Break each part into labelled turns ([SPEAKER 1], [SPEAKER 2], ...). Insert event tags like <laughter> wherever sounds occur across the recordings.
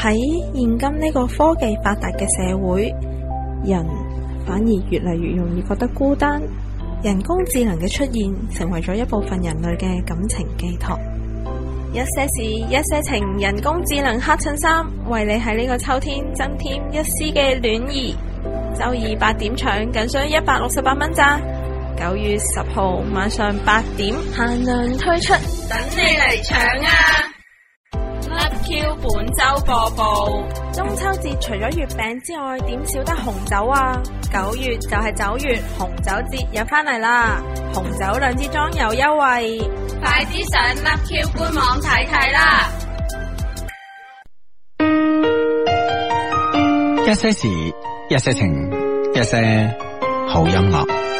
[SPEAKER 1] 喺現今呢個科技發達嘅社會，人反而越嚟越容易覺得孤單。人工智能嘅出現，成為咗一部分人類嘅感情寄託。一些事，一些情，人工智能黑襯衫，為你喺呢個秋天增添一絲嘅暖意。週二八點搶，僅需一百六十八蚊咋？九月十號晚上八點，限量推出，等你嚟搶啊！票本周播報，中秋節除咗月餅之外，點少得紅酒啊？九月就係九月，紅酒節又翻嚟啦，紅酒兩支裝有優惠，快啲上 luck 官網睇睇啦！
[SPEAKER 2] 一些事，一些情，一些好音樂。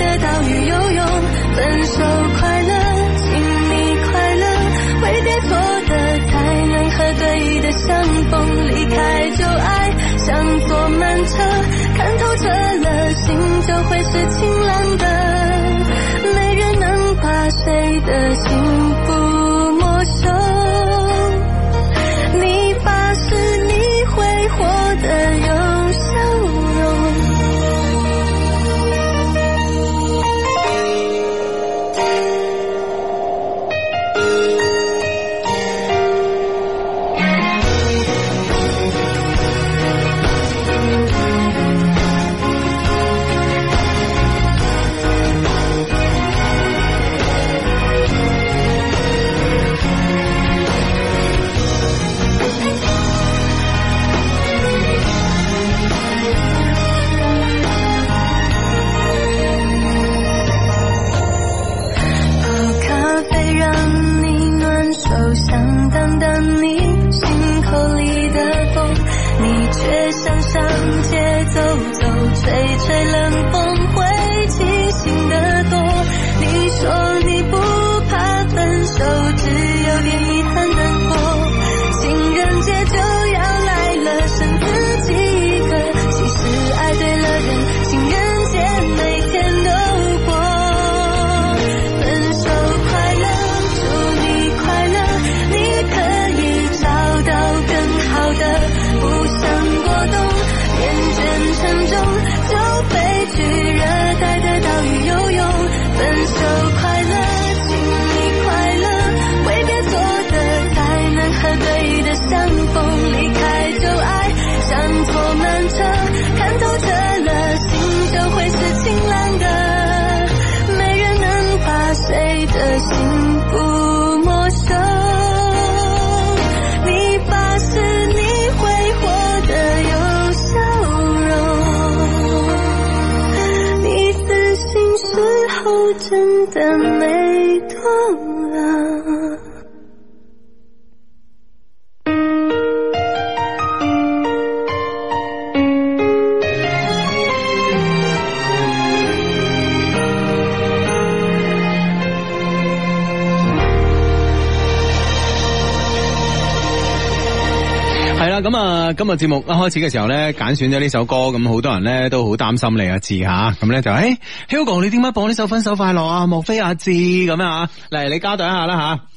[SPEAKER 2] 得到。係啦，咁啊，今日節目一開始嘅時候咧，揀選咗呢首歌，咁好多人咧都好擔心你阿志吓，咁、啊、咧、啊、就誒，Hugo、hey, 你點解播呢首《分手快樂》啊？莫非阿志咁樣啊？嚟，你交代一下啦吓。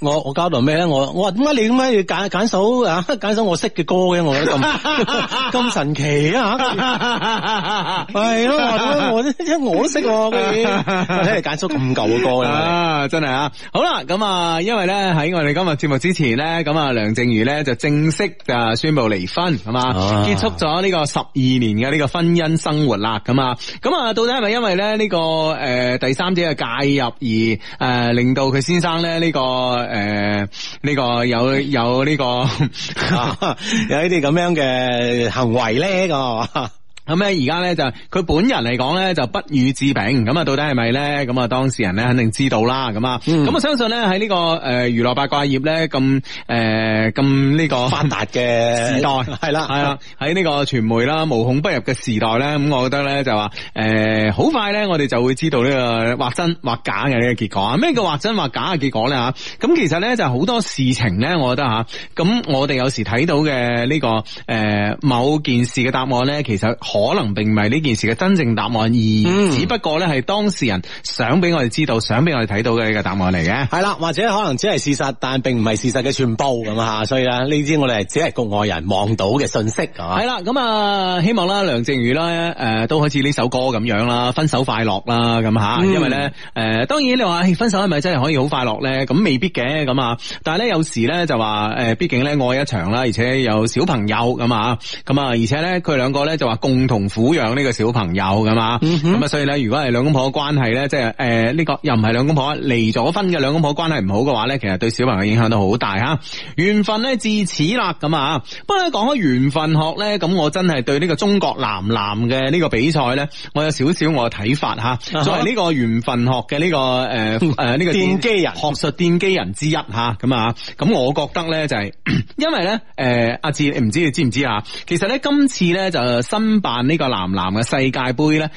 [SPEAKER 2] 我我交代咩咧？我我話，點解你點解要揀揀首啊？揀首我識嘅歌嘅？我覺得咁咁 <laughs> 神奇啊？係咯、 <laughs> <laughs> 哎，我一、啊、 <laughs> 我都識嘅嘢，係揀出咁舊嘅歌嚟真係啊！好啦，咁啊，因為咧喺我哋今日節目之前咧，咁啊，梁靜茹咧就正式就宣布離婚，係嘛，結束咗呢個十二年嘅呢個婚姻生活啦。咁啊，咁啊，到底係咪因為咧呢個誒第三者嘅介入而誒令到佢先生咧、這、呢個？誒，呢、呃，這個有有呢個、 <laughs> 啊、有呢啲咁樣嘅行為咧，呢個。咁咧，而家咧就佢本人嚟講咧就不予置評。咁啊，到底係咪咧？咁啊，當事人咧肯定知道啦。咁啊、嗯，咁我相信咧喺呢個誒娛樂八卦業咧咁誒咁呢個發達嘅時代係啦，係啦， <laughs> 喺呢個傳媒啦無孔不入嘅時代咧，咁我覺得咧就話誒好快咧，我哋就會知道呢個或真或假嘅呢個結果。咩叫或真或假嘅結果咧？吓咁其實咧就好多事情咧，我覺得吓咁我哋有時睇到嘅呢、這個誒某件事嘅答案咧，其實可能並唔係呢件事嘅真正答案，而只不過咧係當事人想俾我哋知道，想俾我哋睇到嘅一個答案嚟嘅。係啦，或者可能只係事實，但並唔係事實嘅全部咁吓。所以咧，呢啲我哋只係局外人望到嘅信息。係啦，咁啊，希望啦，梁靜茹啦，誒，都好似呢首歌咁樣啦，分手快樂啦，咁吓。因為咧，誒、嗯呃，當然你話分手係咪真係可以好快樂咧？咁未必嘅。咁啊，但係咧有時咧就話誒，畢、呃、竟咧愛一場啦，而且有小朋友咁啊，咁啊，而且咧佢兩個咧就話共。同撫養呢個小朋友㗎嘛，咁啊、嗯哼，所以咧，如果係兩公婆關係咧，即係誒、呃這個、呢個又唔係兩公婆離咗婚嘅，兩公婆關係唔好嘅話咧，其實對小朋友影響都好大吓。緣分咧至此啦，咁啊，不過講開緣分學咧，咁我真係對呢個中國男籃嘅呢個比賽咧，我有少少我嘅睇法吓。作為呢個緣分學嘅呢、這個誒誒呢個奠基 <laughs> 人，學術奠基人之一吓，咁啊，咁我覺得咧就係、是， <coughs> 因為咧誒阿志，唔、呃啊、知你知唔知啊？其實咧今次咧就新版呢個男籃嘅世界杯咧。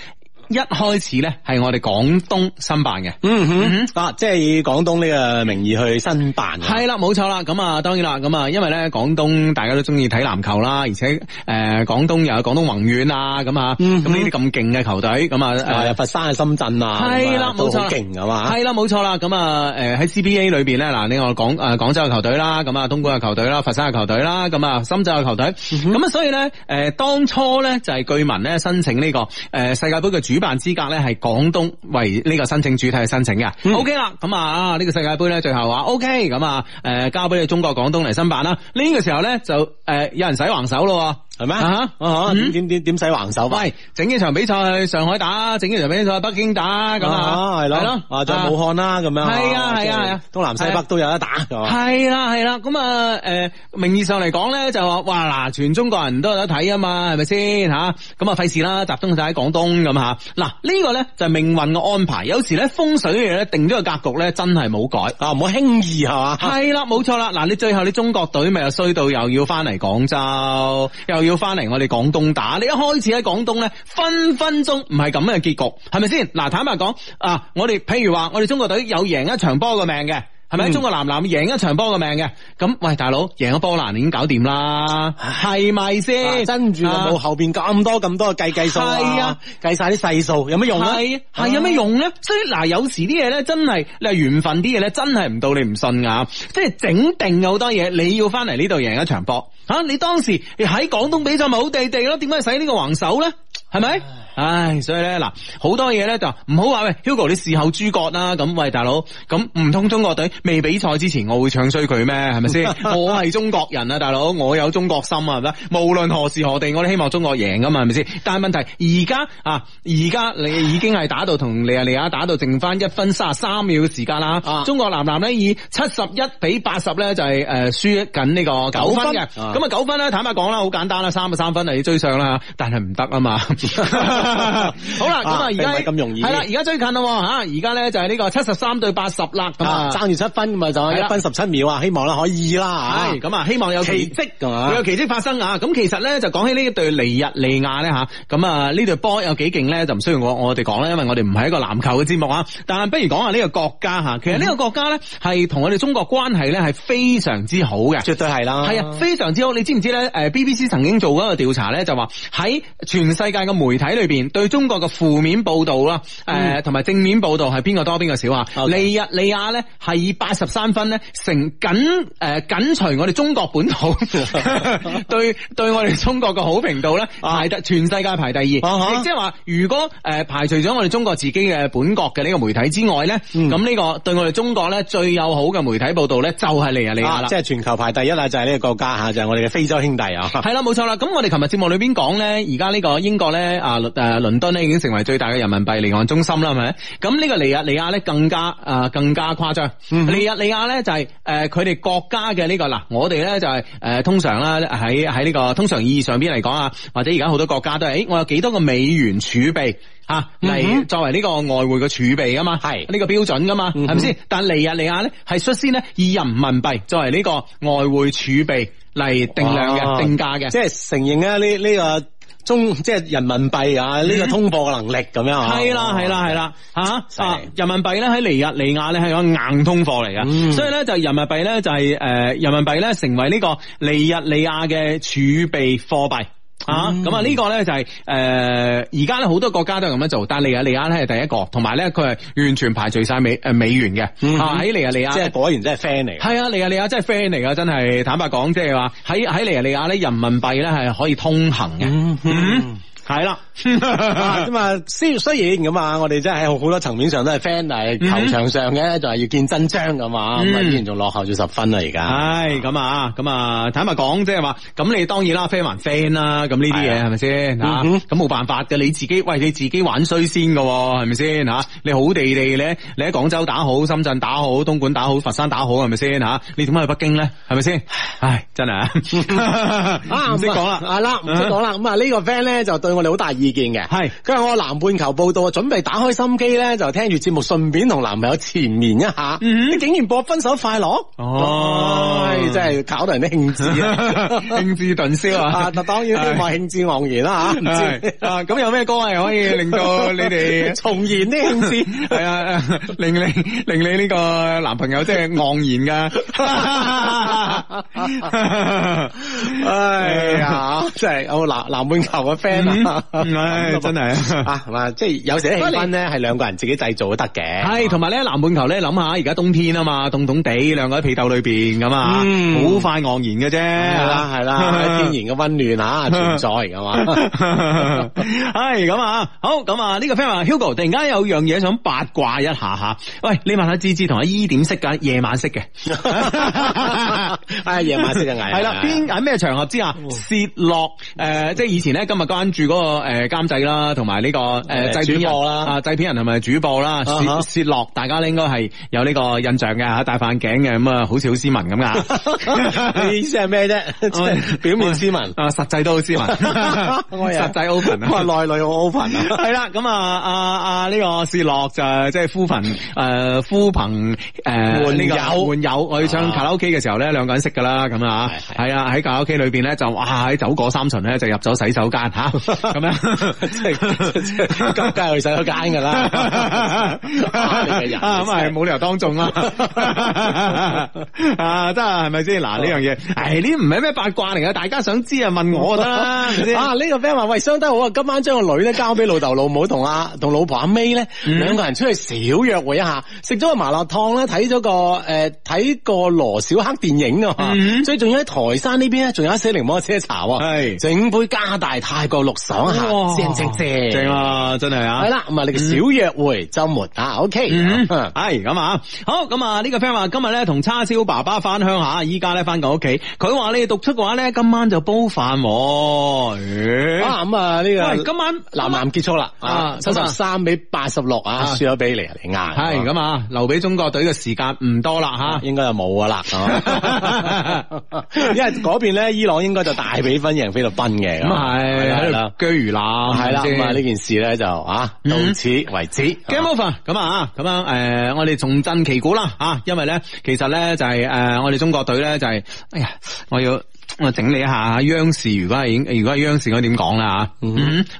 [SPEAKER 2] 一開始咧，係我哋廣東申辦嘅，嗯哼，啊，即係以廣東呢個名義去申辦的，係啦，冇錯啦。咁啊，當然啦，咁啊，因為咧廣東大家都中意睇籃球啦，而且誒廣、呃、東又有廣東宏遠啊，咁啊，咁呢啲咁勁嘅球隊，咁啊誒佛山啊、深圳啊，係啦，冇、嗯、錯。勁啊嘛，係啦，冇錯啦。咁啊，誒喺 CBA 裏邊咧，嗱，呢個廣誒廣州嘅球隊啦，咁啊東莞嘅球隊啦，佛山嘅球隊啦，咁啊深圳嘅球隊，咁啊、嗯、哼所以咧，誒、呃、當初咧就係據聞咧申請呢、這個誒、呃、世界杯嘅主。辦資格咧係廣東為呢個申請主體去申請嘅、嗯、，OK 啦，咁啊呢個世界杯咧最後話 OK，咁啊誒交俾你中國廣東嚟申辦啦，呢、這個時候咧就誒有人使橫手咯。係咩啊？點點點點使橫手嘛？係整幾場比賽去上海打，整幾場比賽去北京打咁啊，係咯，係咯，再武漢啦咁樣。係啊，係啊，係啊，東南西北都有得打，係嘛？係啦，係啦，咁啊，誒，名義上嚟講咧，就話哇嗱，全中國人都有得睇啊嘛，係咪先吓？咁啊，費事啦，集中晒喺廣東咁吓。嗱，呢個咧就係命運嘅安排，有時咧風水嘅咧定咗個格局咧，真係冇改啊，唔好輕易係嘛。係啦，冇錯啦。嗱，你最後你中國隊咪又衰到又要翻嚟廣州又？要翻嚟我哋廣東打，你一開始喺廣東呢，分分鐘唔係咁嘅結局，係咪先？嗱，坦白講啊，我哋譬如話，我哋中國隊有贏一場波嘅命嘅。係咪、嗯、中國男籃贏一場波嘅命嘅？咁喂，大佬贏一波蘭已經搞掂啦，係咪先？跟住就冇後邊咁多咁多計計數。係啊，計晒啲細數有乜用咧、啊？係、啊、有乜用咧、啊？啊、所以嗱、啊，有時啲嘢咧真係，你係緣分啲嘢咧，真係唔到你唔信噶、啊。即係整定有好多嘢，你要翻嚟呢度贏一場波啊！你當時喺廣東比賽咪好地地咯？點解使呢個橫手咧？係咪、啊？係咪唉，所以咧嗱，好多嘢咧就唔好話喂，Hugo 你事後諸葛啦、啊，咁喂大佬，咁唔通中國隊未比賽之前我會唱衰佢咩？係咪先？ <laughs> 我係中國人啊，大佬，我有中國心啊，係咪？無論何時何地，我都希望中國贏噶嘛，係咪先？但係問題而家啊，而家你已經係打到同尼亞利亞啊，打到剩翻一分三十三秒嘅時間啦，啊、中國男籃呢，以七十一比八十呢，就係誒輸緊呢個九分嘅，咁啊九分呢，坦白講啦，好簡單啦，三個三分啊要追上啦，但係唔得啊嘛。 <laughs> <laughs> 好啦，咁啊而家唔係咁容易。係啦，而家最近啦吓，而家咧就係呢、這個七十三對八十啦，咁啊爭住七分咁啊，啊就是，一分十七秒啊，希望啦可以啦吓，咁啊希望有奇蹟係奇有奇蹟發生啊！咁其實咧就講起呢隊尼日利亞咧吓，咁啊呢隊、啊、波有幾勁咧，就唔需要我我哋講啦，因為我哋唔係一個籃球嘅節目啊。但係不如講下呢個國家吓、啊，其實呢個國家咧係同我哋中國關係咧係非常之好嘅，嗯、絕對係啦，係啊非常之好。你知唔知咧？誒，BBC 曾經做過一個調查咧，就話喺全世界嘅媒體裏。對對中國嘅負面報道啦，誒、呃、同埋、嗯、正面報道係邊個多邊個少啊？尼日、嗯、利亞咧，係以八十三分成緊誒緊隨我哋中國本土 <laughs> <laughs> 對對我哋中國嘅好評度呢排得、啊、全世界排第二，啊、即係話如果誒、呃、排除咗我哋中國自己嘅本國嘅呢個媒體之外呢咁呢、嗯、個對我哋中國呢最友好嘅媒體報道呢就係尼日利亞啦、啊，即係全球排第一啦，就係、是、呢個國家吓，就係、是、我哋嘅非洲兄弟啊。係 <laughs> 啦、啊，冇錯啦。咁我哋琴日節目裏邊講呢，而家呢個英國呢啊，誒，倫敦呢已經成為最大嘅人民幣離岸中心啦，係咪？咁呢個尼日利亞咧更加誒、呃、更加誇張。嗯、哼尼日利亞咧就係、是、誒，佢、呃、哋國家嘅呢、這個嗱、呃，我哋咧就係、是、誒、呃，通常啦喺喺呢個通常意義上邊嚟講啊，或者而家好多國家都係，誒我有幾多個美元儲備吓嚟、啊、作為呢個外匯嘅儲備啊嘛，係呢、嗯、哼個標準噶嘛，係咪先？但尼日利亞咧係率先呢以人民幣作為呢個外匯儲備嚟定量嘅、哦、定價嘅，即係承認啊呢呢個。中即係人民幣啊，呢、嗯、個通貨嘅能力咁、啊、樣，係啦係啦係啦吓啊！人民幣咧喺尼日利亞咧係個硬通貨嚟嘅，嗯、所以咧就人民幣咧就係、是、誒、呃，人民幣咧成為呢個尼日利亞嘅儲備貨幣。嗯、啊，咁啊呢個咧就係、是、誒，而家咧好多國家都係咁樣做，但係利亞利亞咧係第一個，同埋咧佢係完全排除晒美誒美元嘅，喺、嗯、哼利亞利亞，即係果然真係 friend 嚟，係啊利亞利亞真係 friend 嚟噶，真係坦白講即係話喺喺利亞利亞咧人民幣咧係可以通行嘅。嗯哼嗯係啦，咁啊，雖雖然咁啊，我哋真係好多層面上都係 friend 嚟，球場上嘅就係要見真章噶嘛，咁啊，依然仲落後咗十分啦，而家。唉，咁啊，咁啊，坦白講即係話，咁你當然啦，friend 還 friend 啦，咁呢啲嘢係咪先？咁冇辦法嘅，你自己喂你自己玩衰先嘅，係咪先？嚇，你好地地咧，你喺廣州打好，深圳打好，東莞打好，佛山打好係咪先？嚇，你點解去北京咧？係咪先？唉，真係啊，唔識講啦，係啦，唔識講啦，咁啊呢個 friend 咧就對你好大意見嘅，係佢話我南半球報道，準備打開心機咧，就聽住節目，順便同男朋友纏綿一下。你竟然播分手快樂，哦，真係搞到人啲興致，興致頓消啊！那當然希望興致盎然啦吓。咁有咩歌係可以令到你哋重燃啲興致？係啊，令令令你呢個男朋友即係盎然噶。哎呀，真係我南南半球嘅 friend 啊！唉，真係啊！哇，即係有時呢婚咧，係兩個人自己製造都得嘅。係同埋咧，南半球咧，諗下而家冬天啊嘛，凍凍地，兩個喺被竇裏邊咁啊，好快昂然嘅啫，係啦，係啦，天然嘅溫暖啊存在㗎嘛。唉，咁啊，好咁啊，呢個 friend Hugo 突然間有樣嘢想八卦一下吓。喂，你問下芝芝同阿依點識噶？夜晚識嘅。係夜晚識嘅，係啦。邊喺咩場合之下，涉落誒，即係以前咧，今日關注。嗰個誒監製啦，同埋呢個誒製片人啦，啊製片人同埋主播啦，薛薛樂，大家咧應該係有呢個印象嘅嚇，戴眼鏡嘅咁啊，好似好斯文咁噶。你意思係咩啫？表面斯文啊，實際都好斯文。實際 open，我係內裏好 open 啊。係啦，咁啊啊啊呢個薛樂就即係呼朋誒呼朋誒呢個友朋友，我要唱卡拉 OK 嘅時候咧，兩個人識噶啦，咁啊嚇。係啊，喺卡拉 OK 裏邊咧就，哇喺酒過三巡咧就入咗洗手間嚇。咁樣即係梗係去洗手間噶啦，咁係冇理由當眾啦！啊真係係咪先？嗱呢樣嘢，唉，呢唔係咩八卦嚟噶，大家想知啊問我得，啊呢個 friend 話喂，相得好呀，今晚將個女咧交俾老豆老母同阿同老婆阿 May 咧，兩個人出去小約會一下，食咗個麻辣燙啦，睇咗個誒睇個羅小黑電影啊，所以仲要喺台山呢邊咧，仲有一寫檸檬車茶，係整杯加大泰國綠。講下正正正正啊，真係啊，係啦，咁啊，你嘅小約會週末啊，OK，係咁啊，好，咁啊，呢個 friend 話今日咧同叉燒爸爸翻鄉下，依家咧翻到屋企，佢話你讀出嘅話咧，今晚就煲飯，啊，咁啊呢個，喂，今晚男籃結束啦，啊，七十三比八十六啊，輸咗俾尼日利亞，係咁啊，留俾中國隊嘅時間唔多啦吓，應該就冇噶啦，因為嗰邊咧伊朗應該就大比分贏菲律賓嘅，咁係啦。居如係啦，咁啊呢件事咧就啊，到此為止。嗯、Game over，咁啊、嗯，咁樣誒，我哋重振旗鼓啦，啊，因為咧，其實咧就係、是、誒，我哋中國隊咧就係、是，哎呀，我要。我整理一下央視，如果係如果係央視，我點講啦吓？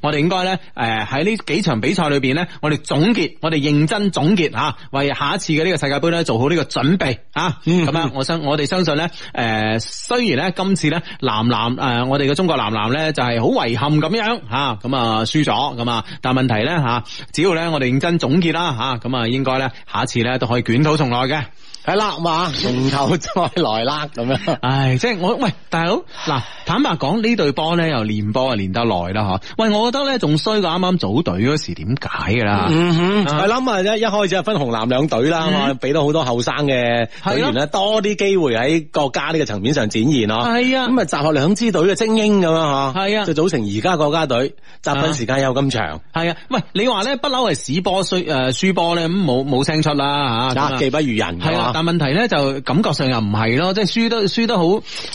[SPEAKER 2] 我哋應該咧，誒喺呢幾場比賽裏邊咧，我哋總結，我哋認真總結吓，為下一次嘅呢個世界杯咧做好呢個準備吓。咁啊、mm hmm. 嗯，我相我哋相信咧，誒、呃，雖然咧今次咧男籃誒，我哋嘅中國男籃咧就係好遺憾咁樣吓，咁啊輸咗，咁啊，但問問題咧吓，只要咧我哋認真總結啦吓，咁啊應該咧下一次咧都可以捲土重來嘅。係啦嘛，從頭再來啦咁樣。唉，即係我喂，大佬嗱，坦白講呢隊波咧又練波啊練得耐啦嗬。喂，我覺得咧仲衰過啱啱組隊嗰時，點解噶啦？我諗一一開始啊分紅藍兩隊啦，俾到好多後生嘅隊員咧、啊、多啲機會喺國家呢個層面上展現咯。係啊，咁啊集合兩支隊嘅精英咁樣嗬。係啊，就組成而家國家隊，集訓時間又咁長。係啊，喂，你話咧不嬲係屎波輸誒輸波咧咁冇冇聲出啦吓，啊、技不如人係啊。但問題咧就感覺上又唔係咯，即係輸得輸得好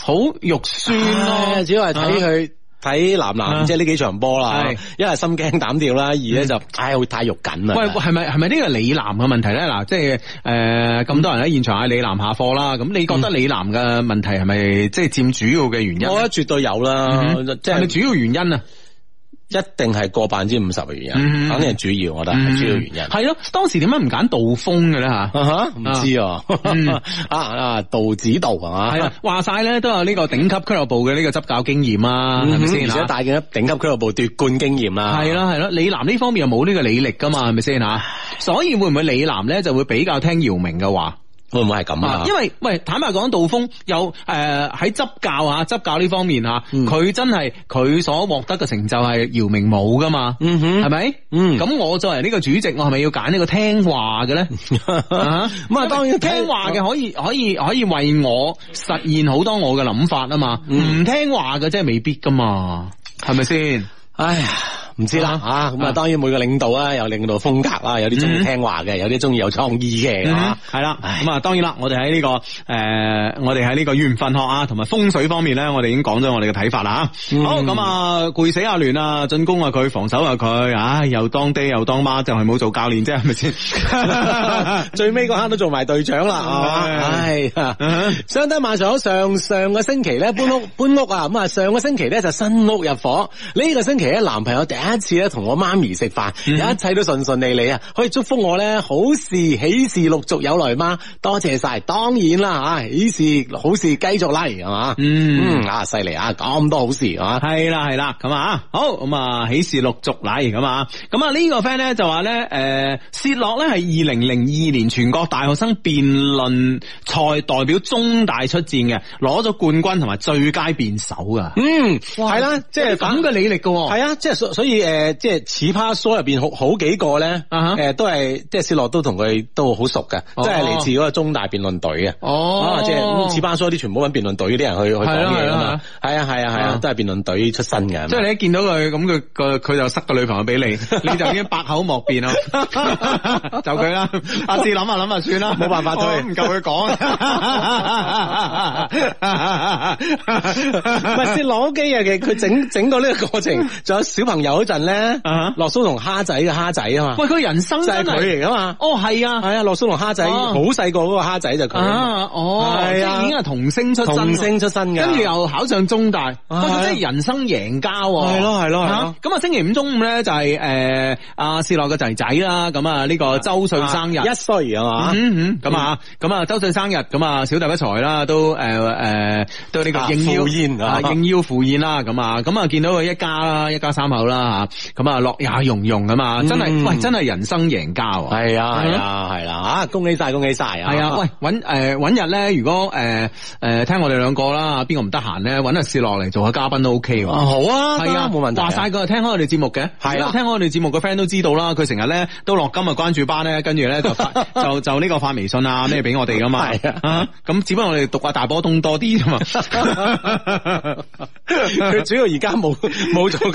[SPEAKER 2] 好肉酸咯，主要係睇佢睇男籃即係呢幾場波啦。一係心驚膽跳啦，二咧就唉會太肉緊啦。喂，係咪係咪呢個李楠嘅問題咧？嗱，即係誒咁多人喺現場嗌李楠下課啦。咁你覺得李楠嘅問題係咪即係佔主要嘅原因？我覺得絕對有啦，即係主要原因啊！一定係過百分之五十嘅原因，肯定係主要，我覺得係主要原因。係咯，當時點解唔揀杜鋒嘅咧吓？唔、啊、知啊，啊啊，杜指導係嘛？係啊，話晒咧都有呢個頂級俱樂部嘅呢個執教經驗啊，係咪先？而且帶嘅頂級俱樂部奪冠經驗啦，係咯係咯。李楠呢方面又冇呢個履歷噶嘛，係咪先吓？所以會唔會李楠咧就會比較聽姚明嘅話？會唔會係咁啊？因為喂，坦白講，杜峰有誒喺執教啊，執教呢方面啊，佢、嗯、真係佢所獲得嘅成就係姚明冇噶嘛？嗯哼，係咪？嗯，咁我作為呢個主席，我係咪要揀呢個聽話嘅咧？咁 <laughs> 啊，當然聽話嘅可以，可以，可以為我實現好多我嘅諗法啊嘛。唔、嗯、聽話嘅即係未必噶嘛，係咪先？哎呀，唔知啦吓，咁啊，啊啊當然每個領導啊，有領導風格啦，有啲中意聽話嘅，嗯、有啲中意有創意嘅，係啦、嗯，咁啊，了唉當然啦，我哋喺呢個誒、呃，我哋喺呢個緣分學啊，同埋風水方面咧，我哋已經講咗我哋嘅睇法啦，吓、嗯。好，咁啊，攰死阿聯啊，進攻啊佢，防守啊佢，啊，又當爹又當媽，就係冇做教練啫，係咪先？ <laughs> 最尾嗰刻都做埋隊長啦，相得馬上好上。上個星期咧搬屋，搬屋啊，咁啊上個星期咧就新屋入伙，呢、這個星期。第一男朋友第一次咧同我媽咪食飯，一切都順順利利啊！嗯、可以祝福我咧，好事喜事陸續有來嗎？多謝晒，當然啦啊，喜事好事繼續嚟，係嘛？嗯啊、嗯，犀利啊，咁多好事係嘛？係啦係啦，咁啊好咁啊，喜事陸續嚟咁啊，咁啊呢、啊這個 friend 咧就話咧，誒、呃，薛樂咧係二零零二年全國大學生辯論賽代表中大出戰嘅，攞咗冠軍同埋最佳辯手噶。嗯，係啦，即係咁嘅履歷噶。係啊，即係所所以誒，即係似巴疏入邊好好幾個咧，誒都係即係小樂都同佢都好熟嘅，即係嚟自嗰個中大辯論隊嘅。哦，即係似巴疏啲全部搵辯論隊啲人去去講嘢噶嘛？係啊，係啊，係啊，都係辯論隊出身嘅。即係你一見到佢咁，佢佢就塞個女朋友俾你，你就已經百口莫辯啦。就佢啦，阿志諗下諗下算啦，冇辦法都唔夠佢講。唔係小羅基啊，其實佢整整個呢個過程。仲有小朋友嗰陣咧，樂叔同蝦仔嘅蝦仔啊嘛，喂，佢人生就係佢嚟噶嘛，哦係啊係啊，樂叔同蝦仔好細個嗰個蝦仔就佢，哦，即係已經係童星出身，童星出身嘅，跟住又考上中大，嗰真係人生贏家喎，係咯係咯，咁啊星期五中午咧就係誒阿思樂嘅仔仔啦，咁啊呢個周歲生日，一歲啊嘛，咁啊咁啊周歲生日，咁啊小弟不才啦，都誒誒都呢個應邀應邀赴宴啦，咁啊咁啊見到佢一家啦。一家三口啦吓，咁啊樂也融融噶嘛，真係喂，真係人生贏家啊！係啊，係啊，係啦吓，恭喜晒，恭喜晒啊！係啊，喂，揾誒，揾日咧，如果誒誒，聽我哋兩個啦，邊個唔得閒咧，揾阿士落嚟做下嘉賓都 OK 喎。好啊，係啊，冇問題。話晒佢聽開我哋節目嘅，係啦，聽開我哋節目嘅 friend 都知道啦，佢成日咧都落今日關注班咧，跟住咧就就就呢個發微信啊咩俾我哋噶嘛啊！咁只不過我哋讀下大波動多啲噶嘛，佢主要而家冇冇做。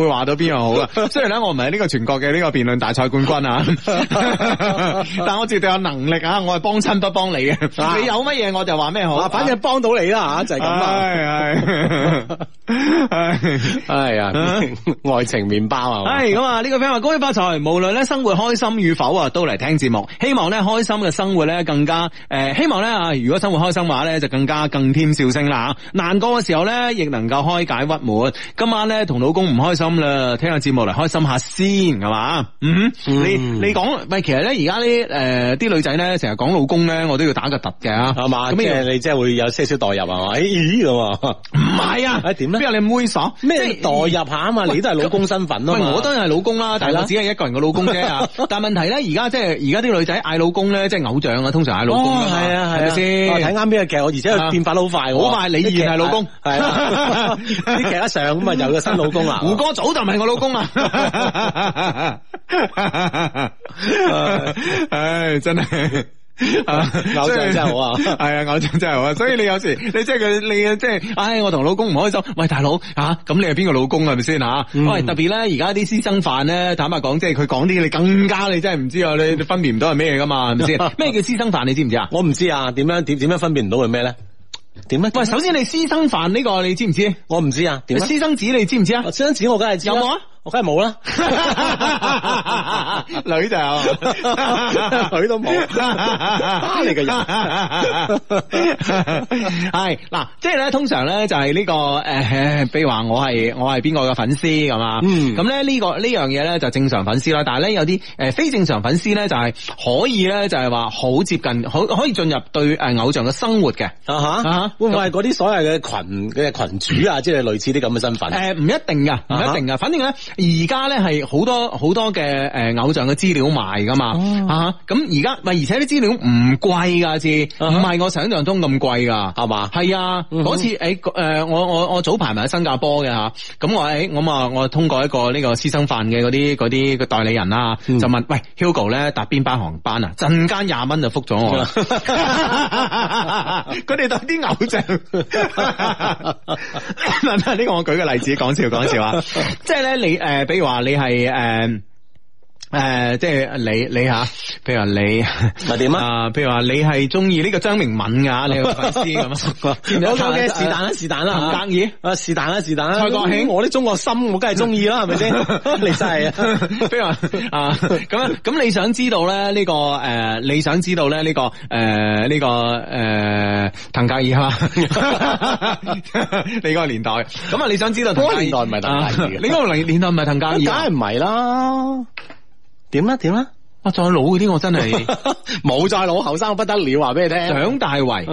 [SPEAKER 2] 會話到邊樣好啊？雖然咧，我唔係呢個全國嘅呢個辯論大賽冠軍啊，但我絕對有能力啊！我係幫親不幫你嘅，啊、你有乜嘢我就話咩好，我反正幫到你啦吓，就係、是、咁樣。係係啊！愛情麵包啊我！係咁啊！呢個 friend 話恭喜發財，無論咧生活開心與否啊，都嚟聽節目。希望咧開心嘅生活咧更加誒、呃，希望咧啊，如果生活開心話咧就更加更添笑聲啦！難過嘅時候咧亦能夠開解鬱悶。今晚咧同老公唔開心。咁啦，聽下節目嚟開心下先，係嘛？嗯，你你講咪其實咧，而家啲誒啲女仔咧，成日講老公咧，我都要打個突嘅啊，係嘛？咁你即係會有些少代入啊？係咪咁啊？唔係啊？點咧？邊有你妹傻？咩代入下啊？嘛，你都係老公身份啊。我當然係老公啦，但係我只係一個人嘅老公啫，但係問題咧，而家即係而家啲女仔嗌老公咧，即係偶像啊，通常嗌老公啊，係啊，係咪先？睇啱邊個劇，我而且佢變化都好快，好快，李現係老公，係啊，啲劇一上咁啊，有個新老公啊，胡歌。老就唔係我老公啊， <laughs> 唉，真係，狗仔真係好啊，係啊，狗仔真係好啊，所以你有時你即係佢，你即、就、係、是就是，唉，我同老公唔開心，喂，大佬咁、啊、你係邊個老公係咪先啊？喂，嗯、特別咧，而家啲私生飯咧，坦白講，即係佢講啲，你更加你真係唔知啊，你你分辨唔到係咩嘢噶嘛，係咪先？咩 <laughs> 叫私生飯？你知唔知啊？我唔知啊，點樣點點樣分辨唔到係咩咧？點咧？喂，首先你私生飯呢個你知唔知？我唔知啊。點咧？私生子你知唔知啊？私生子我梗係知。有冇啊？梗係冇啦， <laughs> 女就， <laughs> 女都冇，拉你嘅人。係嗱，即係咧，通常咧就係呢個誒，比如話我係我係邊個嘅粉絲咁啊。嗯，咁咧呢個呢樣嘢，咧就正常粉絲啦。但係咧有啲誒非正常粉絲咧就係可以咧就係話好接近，可可以進入對誒偶像嘅生活嘅。啊哈，啊哈，會唔會係嗰啲所謂嘅群嘅群主啊？即係類似啲咁嘅身份？誒，唔一定噶，唔一定噶，反正咧。而家咧係好多好多嘅誒偶像嘅資料賣噶嘛，咁而家而且啲資料唔貴㗎先，唔係我想象中咁貴㗎係嘛？係啊，嗰次誒誒我我我早排咪喺新加坡嘅吓，咁我誒我咪我通過一個呢個私生飯嘅嗰啲嗰啲個代理人啦，就問喂 Hugo 咧搭邊班航班啊？陣間廿蚊就覆咗我，佢哋搭啲偶像。唔，呢個我舉個例子講笑講笑啊，即係咧你。誒，比如話你係誒。Um 誒、呃，即係你、呃、比你吓，譬如話你咪點 <laughs> 嗎 <laughs> 啊？譬如話你係中意呢個張明敏㗎，你個粉絲咁啊？你好講嘅是但啦，是但啦吓。是但，啊是但啦是但啦。蔡國興，我啲中國心，我梗係中意啦，係咪先？你真係，譬 <laughs> 如話啊，咁樣咁你想知道咧、這個？呢個誒，你想知道咧、這個？呢、呃這個誒呢個誒，騰、呃、格爾係 <laughs> <laughs> 你個年代，咁啊？你想知道家義家義？我年代唔係騰格爾，你嗰個年代唔係騰格爾？梗係唔係啦。點啦？點啦？再老嗰啲，我真係冇 <laughs> 再老，後生不得了，話俾你聽。蔣大為、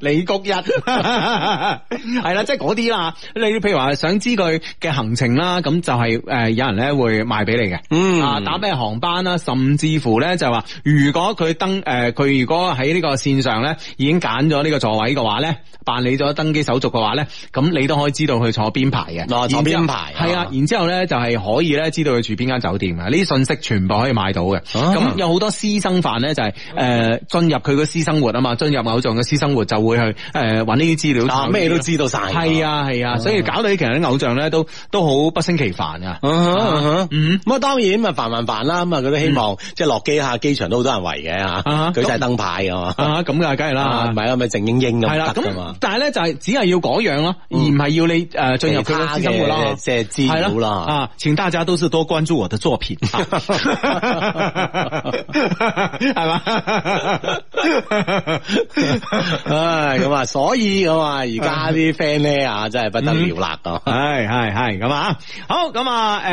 [SPEAKER 2] 李 <laughs> <laughs> 谷一日，係 <laughs> 啦，即係嗰啲啦。你譬如話想知佢嘅行程啦，咁就係、是、誒有人咧會賣俾你嘅。啊、嗯、打咩航班啦，甚至乎咧就係話，如果佢登誒佢如果喺呢個線上咧已經揀咗呢個座位嘅話咧，辦理咗登機手續嘅話咧，咁你都可以知道佢坐邊排嘅。坐邊排，係啊，然之後咧就係可以咧知道佢住邊間酒店啊呢啲信。息全部可以買到嘅，咁有好多私生飯咧，就係誒進入佢個私生活啊嘛，進入偶像嘅私生活就會去誒搵呢啲資料，咩都知道晒。係啊係啊，所以搞到其實啲偶像咧都都好不勝其煩啊。嗯，咁啊當然咪煩唔煩啦，咁啊佢都希望即係落機下機場都好多人圍嘅吓，舉晒燈牌啊嘛，咁梗係啦，唔係啊咪靜英英咁，係啦咁，但係咧就係只係要嗰樣咯，而唔係要你誒進入佢嘅私生活咯，即係資料啦啊，請大家都是多關注我的作品。係嘛？ <laughs> 是吧 <laughs> 唉，咁啊，所以咁啊，而家啲 friend 咧啊， <laughs> 真係不得了啦、嗯！咁、嗯，唉，係係咁啊，好咁啊，誒，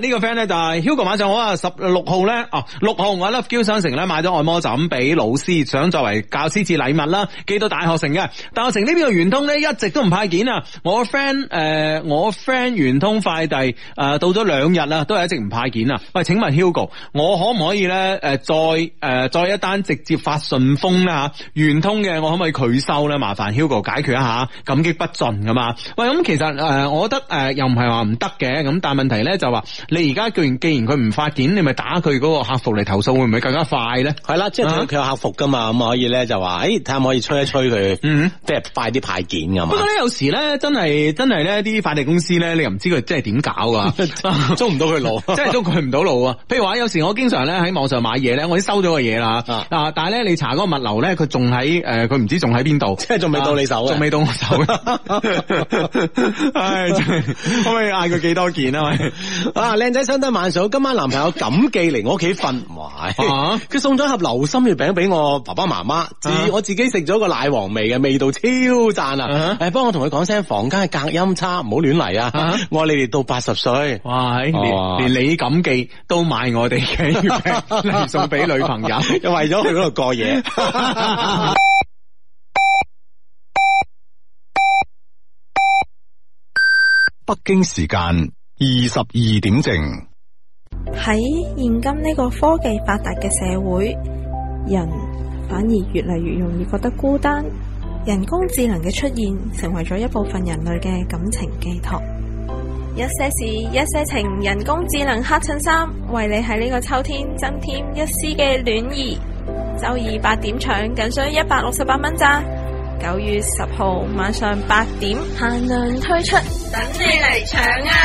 [SPEAKER 2] 呢個 friend 咧就係 Hugo，晚上好啊，十六號咧，哦，六號我喺 LoveQ 商城咧買咗按摩枕俾老師，想作為教師節禮物啦，寄到大學城嘅大學城呢邊嘅圓通咧一直都唔派件啊！我 friend 誒、呃，我 friend 圓通快遞誒、呃，到咗兩日啦，都係一直唔派件啊！喂、呃。請問 Hugo，我可唔可以咧？誒，再誒，再一單直接發順豐咧吓，圓通嘅我可唔可以拒收咧？麻煩 Hugo 解決一下，感激不盡噶嘛。喂，咁其實誒、呃，我覺得誒、呃，又唔係話唔得嘅。咁但係問題咧就話，你而家既然既然佢唔發件，你咪打佢嗰個客服嚟投訴，會唔會更加快咧？係啦，即係佢有客服噶嘛，咁、啊、可以咧就話，誒、哎，睇下可以催一催佢，嗯、即係快啲派件噶嘛。咁不過咧有時咧真係真係咧啲快遞公司咧，你又唔知佢真係點搞噶， <laughs> 捉唔到佢路，真係 <laughs> 捉佢唔到路。 <laughs> 啊，譬如話有時我經常咧喺網上買嘢咧，我已經收咗個嘢啦。啊，但係咧你查嗰個物流咧，佢仲喺誒，佢唔知仲喺邊度，即係仲未到你手，仲未到我手。唉，可唔可以嗌佢幾多件啊？喂，啊，靚仔身得萬數，今晚男朋友錦記嚟我屋企瞓，哇，佢送咗盒流心月餅俾我爸爸媽媽，自我自己食咗個奶黃味嘅味道超讚啊！誒，幫我同佢講聲房間嘅隔音差，唔好亂嚟啊！我話你哋到八十歲，哇，連連李錦記。都買我哋嘅月餅嚟，送俾女朋友，又 <laughs> 為咗去嗰度過夜。 <laughs> 北京時間二十二點正。
[SPEAKER 1] 喺現今呢個科技發達嘅社會，人反而越嚟越容易覺得孤單。人工智能嘅出現，成為咗一部分人類嘅感情寄託。一些事，一些情，人工智能黑襯衫，為你喺呢個秋天增添一絲嘅暖意。周二八點搶，僅需一百六十八蚊咋？九月十號晚上八點限量推出，等你嚟搶啊！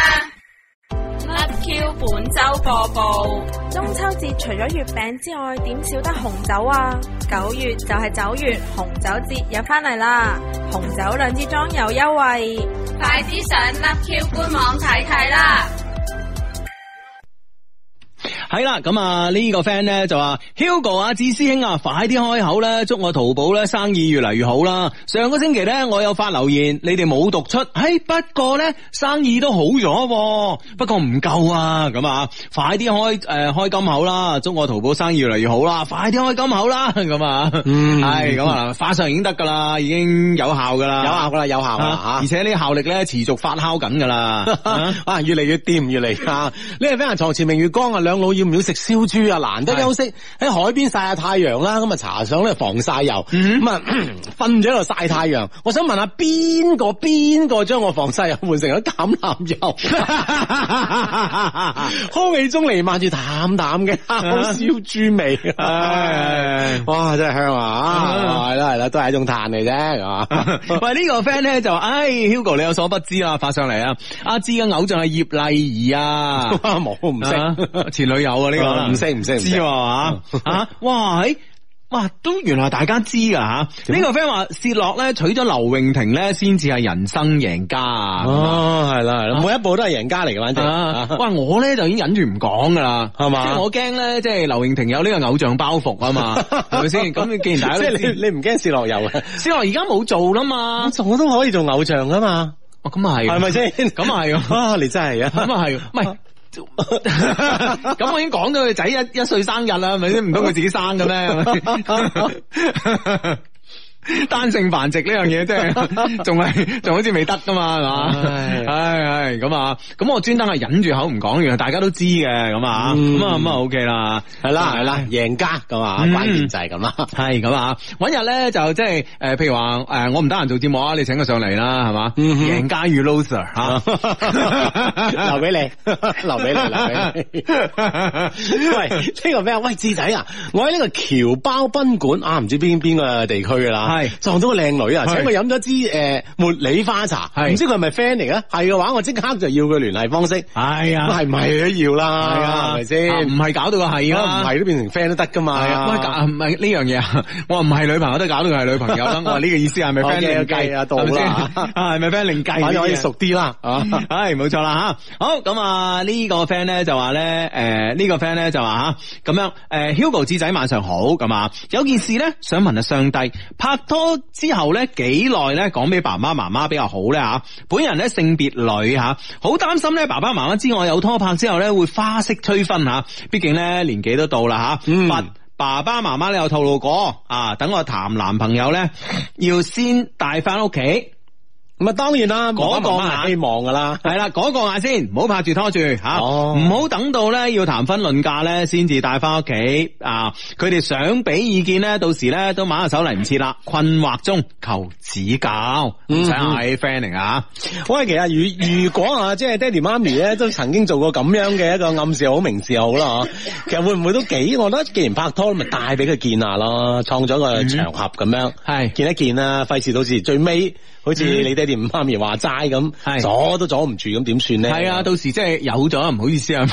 [SPEAKER 1] 本周播報：中秋節除咗月餅之外，點少得紅酒啊？九月就係九月，紅酒節又翻嚟啦！紅酒兩支裝有優惠，快啲上 LoveQ 官網睇睇啦！
[SPEAKER 2] 係啦，咁、這個、啊呢個 friend 咧就話，Hugo 阿志師兄啊，快啲開口啦，祝我淘寶咧生意越嚟越好啦。上個星期咧我有發留言，你哋冇讀出，唉，不過咧生意都好咗，不過唔夠啊，咁啊，快啲開誒開金口啦，祝我淘寶生意越嚟越好啦，哎啊，快啲開、呃、開金口啦，咁啊，係咁啊，發上已經得噶啦，已經有效噶啦，有，了啊、有效噶啦，有效啦吓，而且呢效力咧持續發酵緊噶啦，啊，啊，越嚟越掂，越嚟啊，呢個 friend 床前明月光啊，兩老。要唔要食燒豬啊？難得休息喺是海邊曬下太陽啦，咁啊搽上呢，防曬油，咁啊瞓咗喺度曬太陽。我想問下邊個邊個將我防曬油換成咗橄欖油？ <laughs> <laughs> 空氣中彌漫住淡淡嘅燒豬味，啊、 <laughs> 哇真係香啊！係啦係啦，啊、都係一種炭嚟啫。 <laughs> 啊、喂呢、這個 friend 咧就，哎 Hugo 你有所不知啦，發上嚟啊，阿芝嘅偶像係葉麗儀啊，冇唔識前女友。有啊，呢個唔識唔識唔知喎，吓吓哇，哇，都原來大家知噶吓。呢個 friend 話，薛樂咧娶咗劉穎婷咧，先至係人生贏家啊。哦，係啦係啦，每一步都係贏家嚟嘅，反正。哇，我咧就已經忍住唔講噶啦，係嘛。即係我驚咧，即係劉穎婷有呢個偶像包袱啊嘛，係咪先？咁你既然大家即係你你唔驚薛樂有啊，薛樂而家冇做啦嘛，我都可以做偶像㗎嘛。哦，咁啊係，係咪先？咁啊係，你真係啊，咁啊係，唔係。咁 <laughs> 我已經講到佢仔一一歲生日啦，係咪先？唔通佢自己生嘅咩？ <laughs> <laughs> 單性繁殖呢樣嘢，即係仲係仲好似未得噶嘛，係嘛 <laughs> 唉？唉唉，咁啊，咁我專登係忍住口唔講，原來大家都知嘅，咁啊，咁啊咁啊，OK 啦，係啦係啦，贏家咁啊，關鍵、嗯、就係咁啦，係咁啊，搵日咧就即係誒，譬如話誒，我唔得閒做節目啊，你請佢上嚟啦，係嘛？贏、嗯、哼家與 loser 吓，Sir, 啊、 <laughs> 留俾你，留俾你啦。喂，呢、這個咩啊？喂，志仔啊，我喺呢個僑包賓館啊，唔知邊邊個地區噶啦。係撞到個靚女啊，請佢飲咗支誒茉莉花茶，唔知佢係咪 friend 嚟啊？係嘅話，我即刻就要個聯繫方式。係啊，係咪都要啦？係啊，係咪先？唔係搞到個係咯，唔係都變成 friend 都得噶嘛？係啊，唔係呢樣嘢啊，我話唔係女朋友都搞到佢係女朋友啦。我話呢個意思係咪 friend 嚟啊？到啦，係咪 friend 另計？或者可以熟啲啦，係冇錯啦吓。好咁啊，呢個 friend 咧就話咧，誒呢個 friend 咧就話吓咁樣，誒 Hugo 智仔晚上好咁啊，有件事咧想問下上帝拖之後呢幾耐呢？講俾爸爸媽媽比較好呢。吓？本人呢，性別女吓，好擔心呢，爸爸媽媽之外有拖拍之後呢，會花式催婚吓，畢竟呢，年紀都到啦吓。爸爸爸媽媽呢有透露過啊？等我談男朋友呢，要先帶翻屋企。咁啊，當然啦，嗰個,個眼望噶啦，係啦，嗰、那個眼先，唔好拍住拖住吓，唔好、 <laughs> 啊、等到咧要談婚論嫁咧先至帶翻屋企啊！佢哋想俾意見咧，到時咧都買下手嚟唔切啦，困惑中求指教，唔使客氣，Fanny 啊，嗯、喂，其實如如果啊，即係爹哋媽咪咧都曾經做過咁樣嘅一個暗示好，明示好啦， <laughs> 其實會唔會都幾？我覺得既然拍拖帶，咪帶俾佢見下咯，創咗個場合咁樣，係、嗯、見一見啦，費事是到時最尾。好似你爹哋、媽咪話齋咁，阻都阻唔住咁，點算呢？係啊，到時即係有咗唔好意思啊，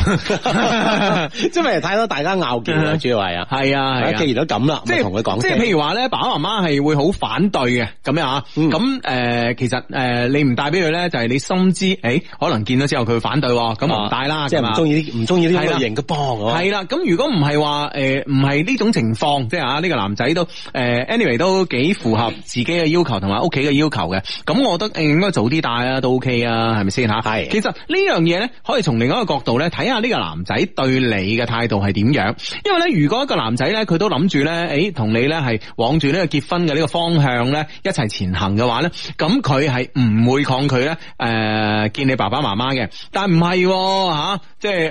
[SPEAKER 2] 即係太多大家拗撬啦，主要係啊，係啊，既然都咁啦，即係同佢講。即係譬如話咧，爸爸媽媽係會好反對嘅咁樣啊。咁其實你唔帶俾佢咧，就係你心知誒，可能見到之後佢反對，咁唔帶啦。即係唔中意啲唔中意類型嘅幫。係啦，咁如果唔係話唔係呢種情況，即係啊，呢個男仔都 anyway 都幾符合自己嘅要求同埋屋企嘅要求嘅。咁我覺得應該早啲帶呀，都 OK 啊，係咪先吓？係，是的 其實呢樣嘢咧，可以從另一個角度咧睇下呢個男仔對你嘅態度係點樣。因為咧，如果一個男仔咧，佢都諗住咧，誒，同你咧係往住呢個結婚嘅呢個方向咧一齊前行嘅話咧，咁佢係唔會抗拒咧，誒、呃，見你爸爸媽媽嘅。但唔係吓，即係誒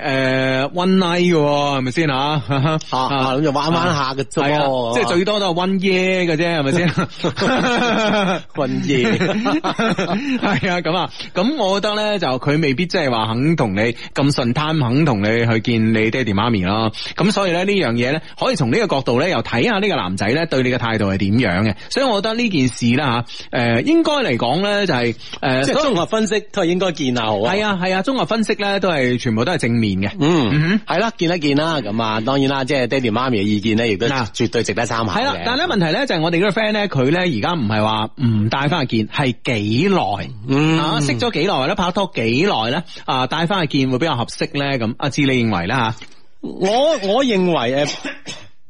[SPEAKER 2] ，one night 嘅係咪先吓？咁、呃、就玩玩下嘅啫、啊，啊啊、即係最多都係 one year 嘅啫，係咪先？one year 係， <laughs> <laughs> 啊，咁啊，咁我覺得咧，就佢未必即係話肯同你咁順攤，肯同你去見你爹哋媽咪咯。咁所以咧，樣呢樣嘢咧，可以從呢個角度咧，又睇下呢個男仔咧對你嘅態度係點樣嘅。所以我覺得呢件事啦吓，誒、呃，應該嚟講咧，就係誒，即係綜合分析都係應該見下好啊。係啊係啊，綜合、啊、分析咧都係全部都係正面嘅。嗯，係啦、嗯哼，見一見啦。咁啊，當然啦，即係爹哋媽咪嘅意見咧，亦都絕對值得參考。係啦、啊，但係咧問題咧就係我哋嗰個 friend 咧，佢咧而家唔係話唔帶翻去見。係幾耐啊？嗯、識咗幾耐咧？拍拖幾耐咧？啊，帶翻去見會比較合適咧？咁，阿志你認為啦？吓？我我認為誒， <laughs>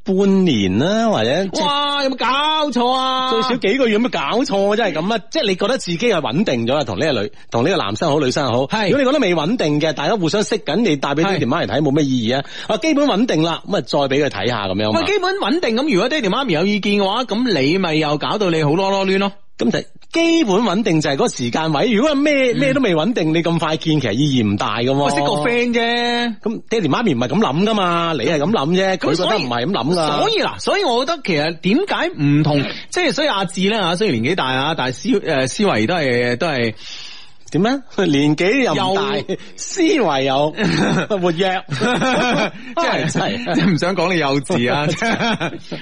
[SPEAKER 2] 半年啦，或者、就係、哇，有冇搞錯啊？最少幾個月有冇搞錯？真係咁啊？即係、嗯、你覺得自己係穩定咗啦，同呢個女，同呢個男生好，女生好。係是如果你覺得未穩定嘅，大家互相識緊，你帶俾爹哋媽咪睇，冇咩意義啊？啊，基本穩定啦，咁啊再俾佢睇下咁樣。喂，基本穩定咁，如果爹哋媽咪有意見嘅話，咁你咪又搞到你好囉囉攣咯？咁就基本穩定，就係嗰個時間位。如果咩咩都未穩定，嗯、你咁快見，其實意義唔大噶。我識個 friend 啫。咁爹哋媽咪唔係咁諗噶嘛，你係咁諗啫。佢那覺得唔係咁諗噶。所以嗱，所以我覺得其實點解唔同，即係所以阿智咧啊，雖然年紀大啊，但係思誒思維都係都係。點佢年紀又大，思維又有活躍，即係真係，唔 <laughs> 想講你幼稚啊！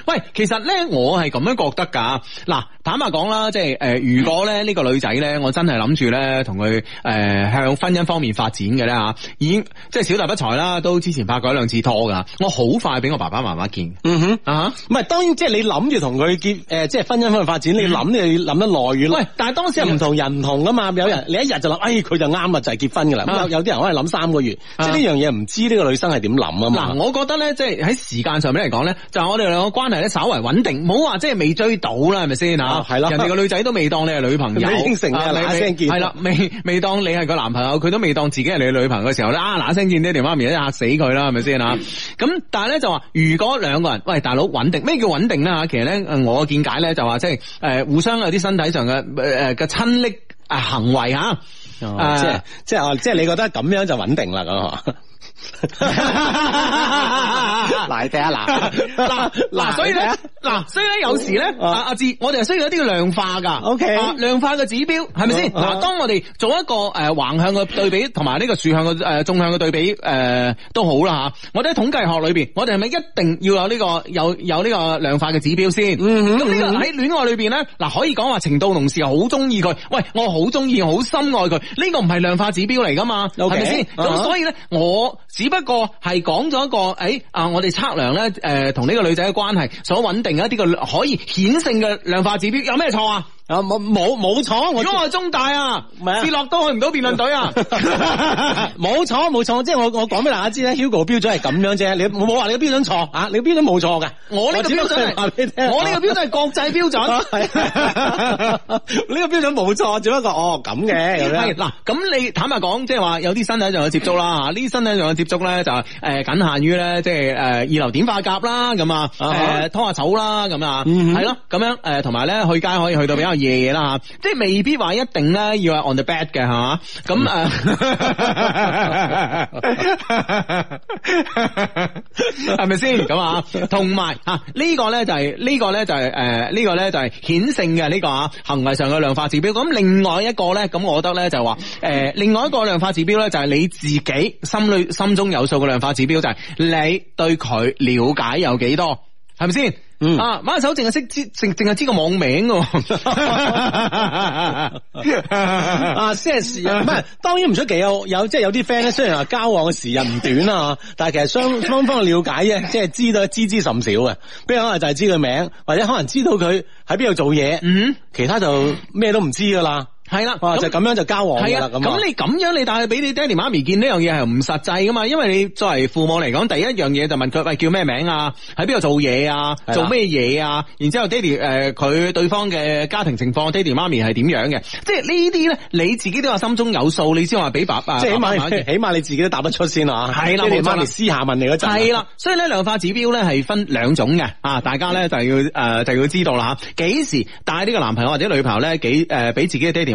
[SPEAKER 2] 喂， <laughs> 其實咧，我係咁樣覺得噶。嗱，坦白講啦，即係誒，如果咧呢個女仔咧，我真係諗住咧同佢誒向婚姻方面發展嘅咧吓，已經即係小弟不才啦，都之前拍過一兩次拖噶。我好快俾我爸爸媽媽見。嗯哼，啊唔哈係，當然即係你諗住同佢結誒，即係婚姻方面發展，你諗你諗得耐遠。喂，但係當時又唔同人唔同噶嘛，真是 有人真是 你一日。就諗，哎，佢就啱、就係、啊，就係結婚噶啦。咁有啲人可能諗三個月，啊、即係呢樣嘢唔知呢個女生係點諗啊嘛。嗱、啊，我覺得咧，即係喺時間上面嚟講咧，就係就係、我哋兩個關係咧稍為穩定，唔好話即係未追到啦，係咪先啊？係咯，人哋個女仔都未當你係女朋友，應承啦，嗱聲、啊、未見係啦，未未,未當你係個男朋友，佢都未當自己係你嘅女朋友嘅時候咧，啊嗱聲見爹哋媽咪，吓死佢啦，係咪先啊？咁但係咧就話，如果兩個人，喂，大佬穩定咩叫穩定咧？吓，其實咧，我嘅見解咧就話即係誒，互相有啲身體上嘅誒嘅親昵。呃啊，行為吓，啊、即係是即係哦，即係你覺得咁樣就穩定啦咁嗬。嗯嗱，你睇下。嗱嗱，所以咧，嗱，所以咧，有時咧，阿志，我哋係需要一啲量化噶，OK，量化嘅指標係咪先？嗱，啊啊、當我哋做一個誒橫向嘅對比，同埋呢個豎向嘅誒縱向嘅對比誒、呃、都好啦吓。我哋喺統計學裏邊，我哋係咪一定要有呢、這個有有呢個量化嘅指標先？咁呢、嗯嗯、個喺戀愛裏邊咧，嗱可以講話情到濃時好中意佢，喂，我好中意，好深愛佢，呢、這個唔係量化指標嚟噶嘛，係咪先？咁、啊、所以咧，我。只不過係講咗一個，誒，啊，我哋測量咧，誒，同呢個女仔嘅關係，所穩定一啲嘅，可以顯性嘅量化指標，有咩錯啊？冇冇冇錯，如果我係中大啊，跌落都去唔到辯論隊啊！冇錯冇錯，即係我我講俾大家知咧，Hugo 標準係咁樣啫。你冇話你個標準錯啊，你個標準冇錯㗎。我呢個標準，我呢個標準係國際標準。呢個標準冇錯，只不過哦咁嘅。嗱，咁你坦白講，即係話有啲身體上有接觸啦吓，呢啲身體上有接觸咧就誒，僅限於咧即係誒二流點化甲啦，咁啊誒拖下手啦，咁啊係咯，咁樣誒同埋咧去街可以去到比較。嘢啦即係未必話一定咧要係 on the bed 嘅吓，咁啊、嗯，係咪先？咁啊， <laughs> 同埋呢個咧就係、是、呢、這個咧就係誒呢個咧就係顯性嘅呢個啊，這個、行為上嘅量化指標。咁另外一個咧，咁我覺得咧就係話誒另外一個量化指標咧就係你自己心裏心中有數嘅量化指標，就係、是、你對佢了解有幾多，係咪先？嗯啊，買下手淨係識知，淨淨係知個網名，啊，C S 啊，唔係，當然唔出奇啊，有即係有啲 friend 咧，雖然話交往嘅時日唔短啦，但係其實雙雙方嘅了解嘅，即係知道知之甚少嘅，不如可能就係知佢名，或者可能知道佢喺邊度做嘢，嗯，其他就咩都唔知噶啦。係啦，就咁樣就交往啦。咁，咁你咁樣你，帶俾你爹哋媽咪見呢樣嘢係唔實際噶嘛？因為你作為父母嚟講，第一樣嘢就問佢，喂，叫咩名啊？喺邊度做嘢啊？做咩嘢啊？然之後爹哋，誒，佢對方嘅家庭情況，爹哋媽咪係點樣嘅？即係呢啲咧，你自己都話心中有數，你先話俾爸爸，即係起碼，起碼你自己都答得出先啦。吓，爹哋媽咪私下問你嗰陣。係啦，所以咧量化指標咧係分兩種嘅，啊，大家咧就要誒就要知道啦。吓，幾時帶呢個男朋友或者女朋友咧？幾誒俾自己嘅爹哋？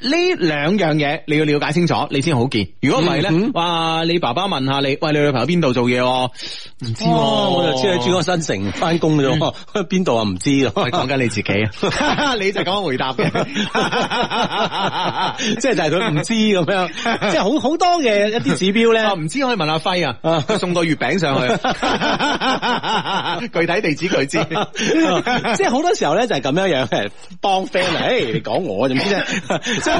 [SPEAKER 2] 呢兩樣嘢你要了解清楚，你先好見。如果唔係咧，哇！你爸爸問下你，喂，你女朋友邊度做嘢？唔知喎，我就知佢住喺新城翻工啫。邊度啊？唔知咯。講緊你自己，你就咁樣回答嘅，即係就係佢唔知咁樣。即係好好多嘅一啲指標咧，唔知可以問阿輝啊，送個月餅上去，具體地址佢知。即係好多時候咧，就係咁樣有人幫 friend，誒，講我就唔知 <laughs> 你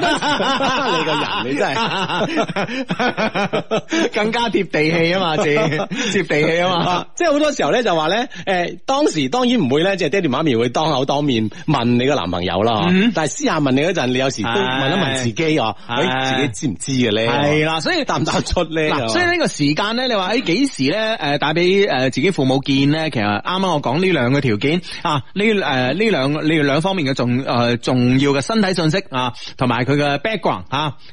[SPEAKER 2] 個人你真係更加貼地氣啊嘛，貼地氣啊嘛，即係好多時候咧就話咧，誒，當時當然唔會咧，即係爹哋媽咪會當口當面問你個男朋友啦，嗯、但係私下問你嗰陣，你有時都問一問自己喎，的自己知唔知嘅你係啦，所以答唔答出你所以打打呢所以呢個時間咧，你話喺幾時咧？誒，帶俾誒自己父母見咧？其實啱啱我講呢兩個條件啊，呢誒呢兩呢兩方面嘅重誒、啊、重要嘅身體信息啊。同埋佢嘅 background，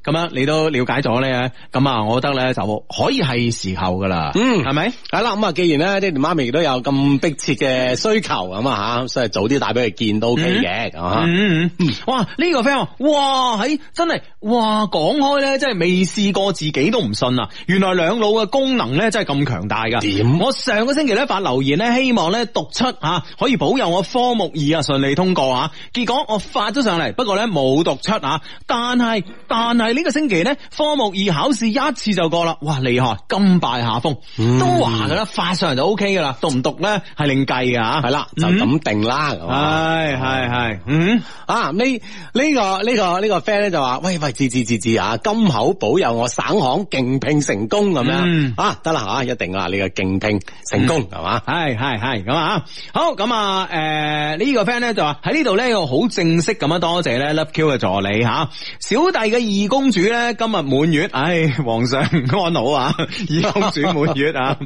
[SPEAKER 2] 咁樣你都了解咗咧，咁啊，我覺得咧就可以係時候噶啦，嗯，係咪吧？係啦，咁啊，既然爹哋媽咪都有咁迫切嘅需求，咁啊吓，所以早啲帶俾佢見到屋企嘅，啊、這個欸，哇，呢個 friend，哇，喺真係，哇，講開咧真係未試過，自己都唔信啊，原來兩老嘅功能咧真係咁強大噶，嗯、我上個星期咧發留言咧，希望咧讀出啊，可以保佑我科目二啊順利通過啊，結果我發咗上嚟，不過咧冇讀出啊。但係但係呢個星期咧科目二考試一次就過啦，哇厲害，甘拜下風，嗯、都話噶啦，發上嚟就 O K 噶啦，讀唔讀咧係另計噶吓，係啦了、嗯、就咁定啦，係係係，嗯啊呢呢、這個呢、這個呢、這個 friend 咧就話喂喂，之之之之啊，金口保佑我省行競聘成功咁樣、嗯、啊，得啦吓，一定啦呢、這個競聘成功係嘛，係係係咁啊，好咁啊誒呢個 friend 咧就話喺呢度咧要好正式咁啊多謝咧 Love Q 嘅助理。哎、皇上啊，小弟嘅二公主咧今日滿月，唉，皇上唔安好啊！二公主滿月啊，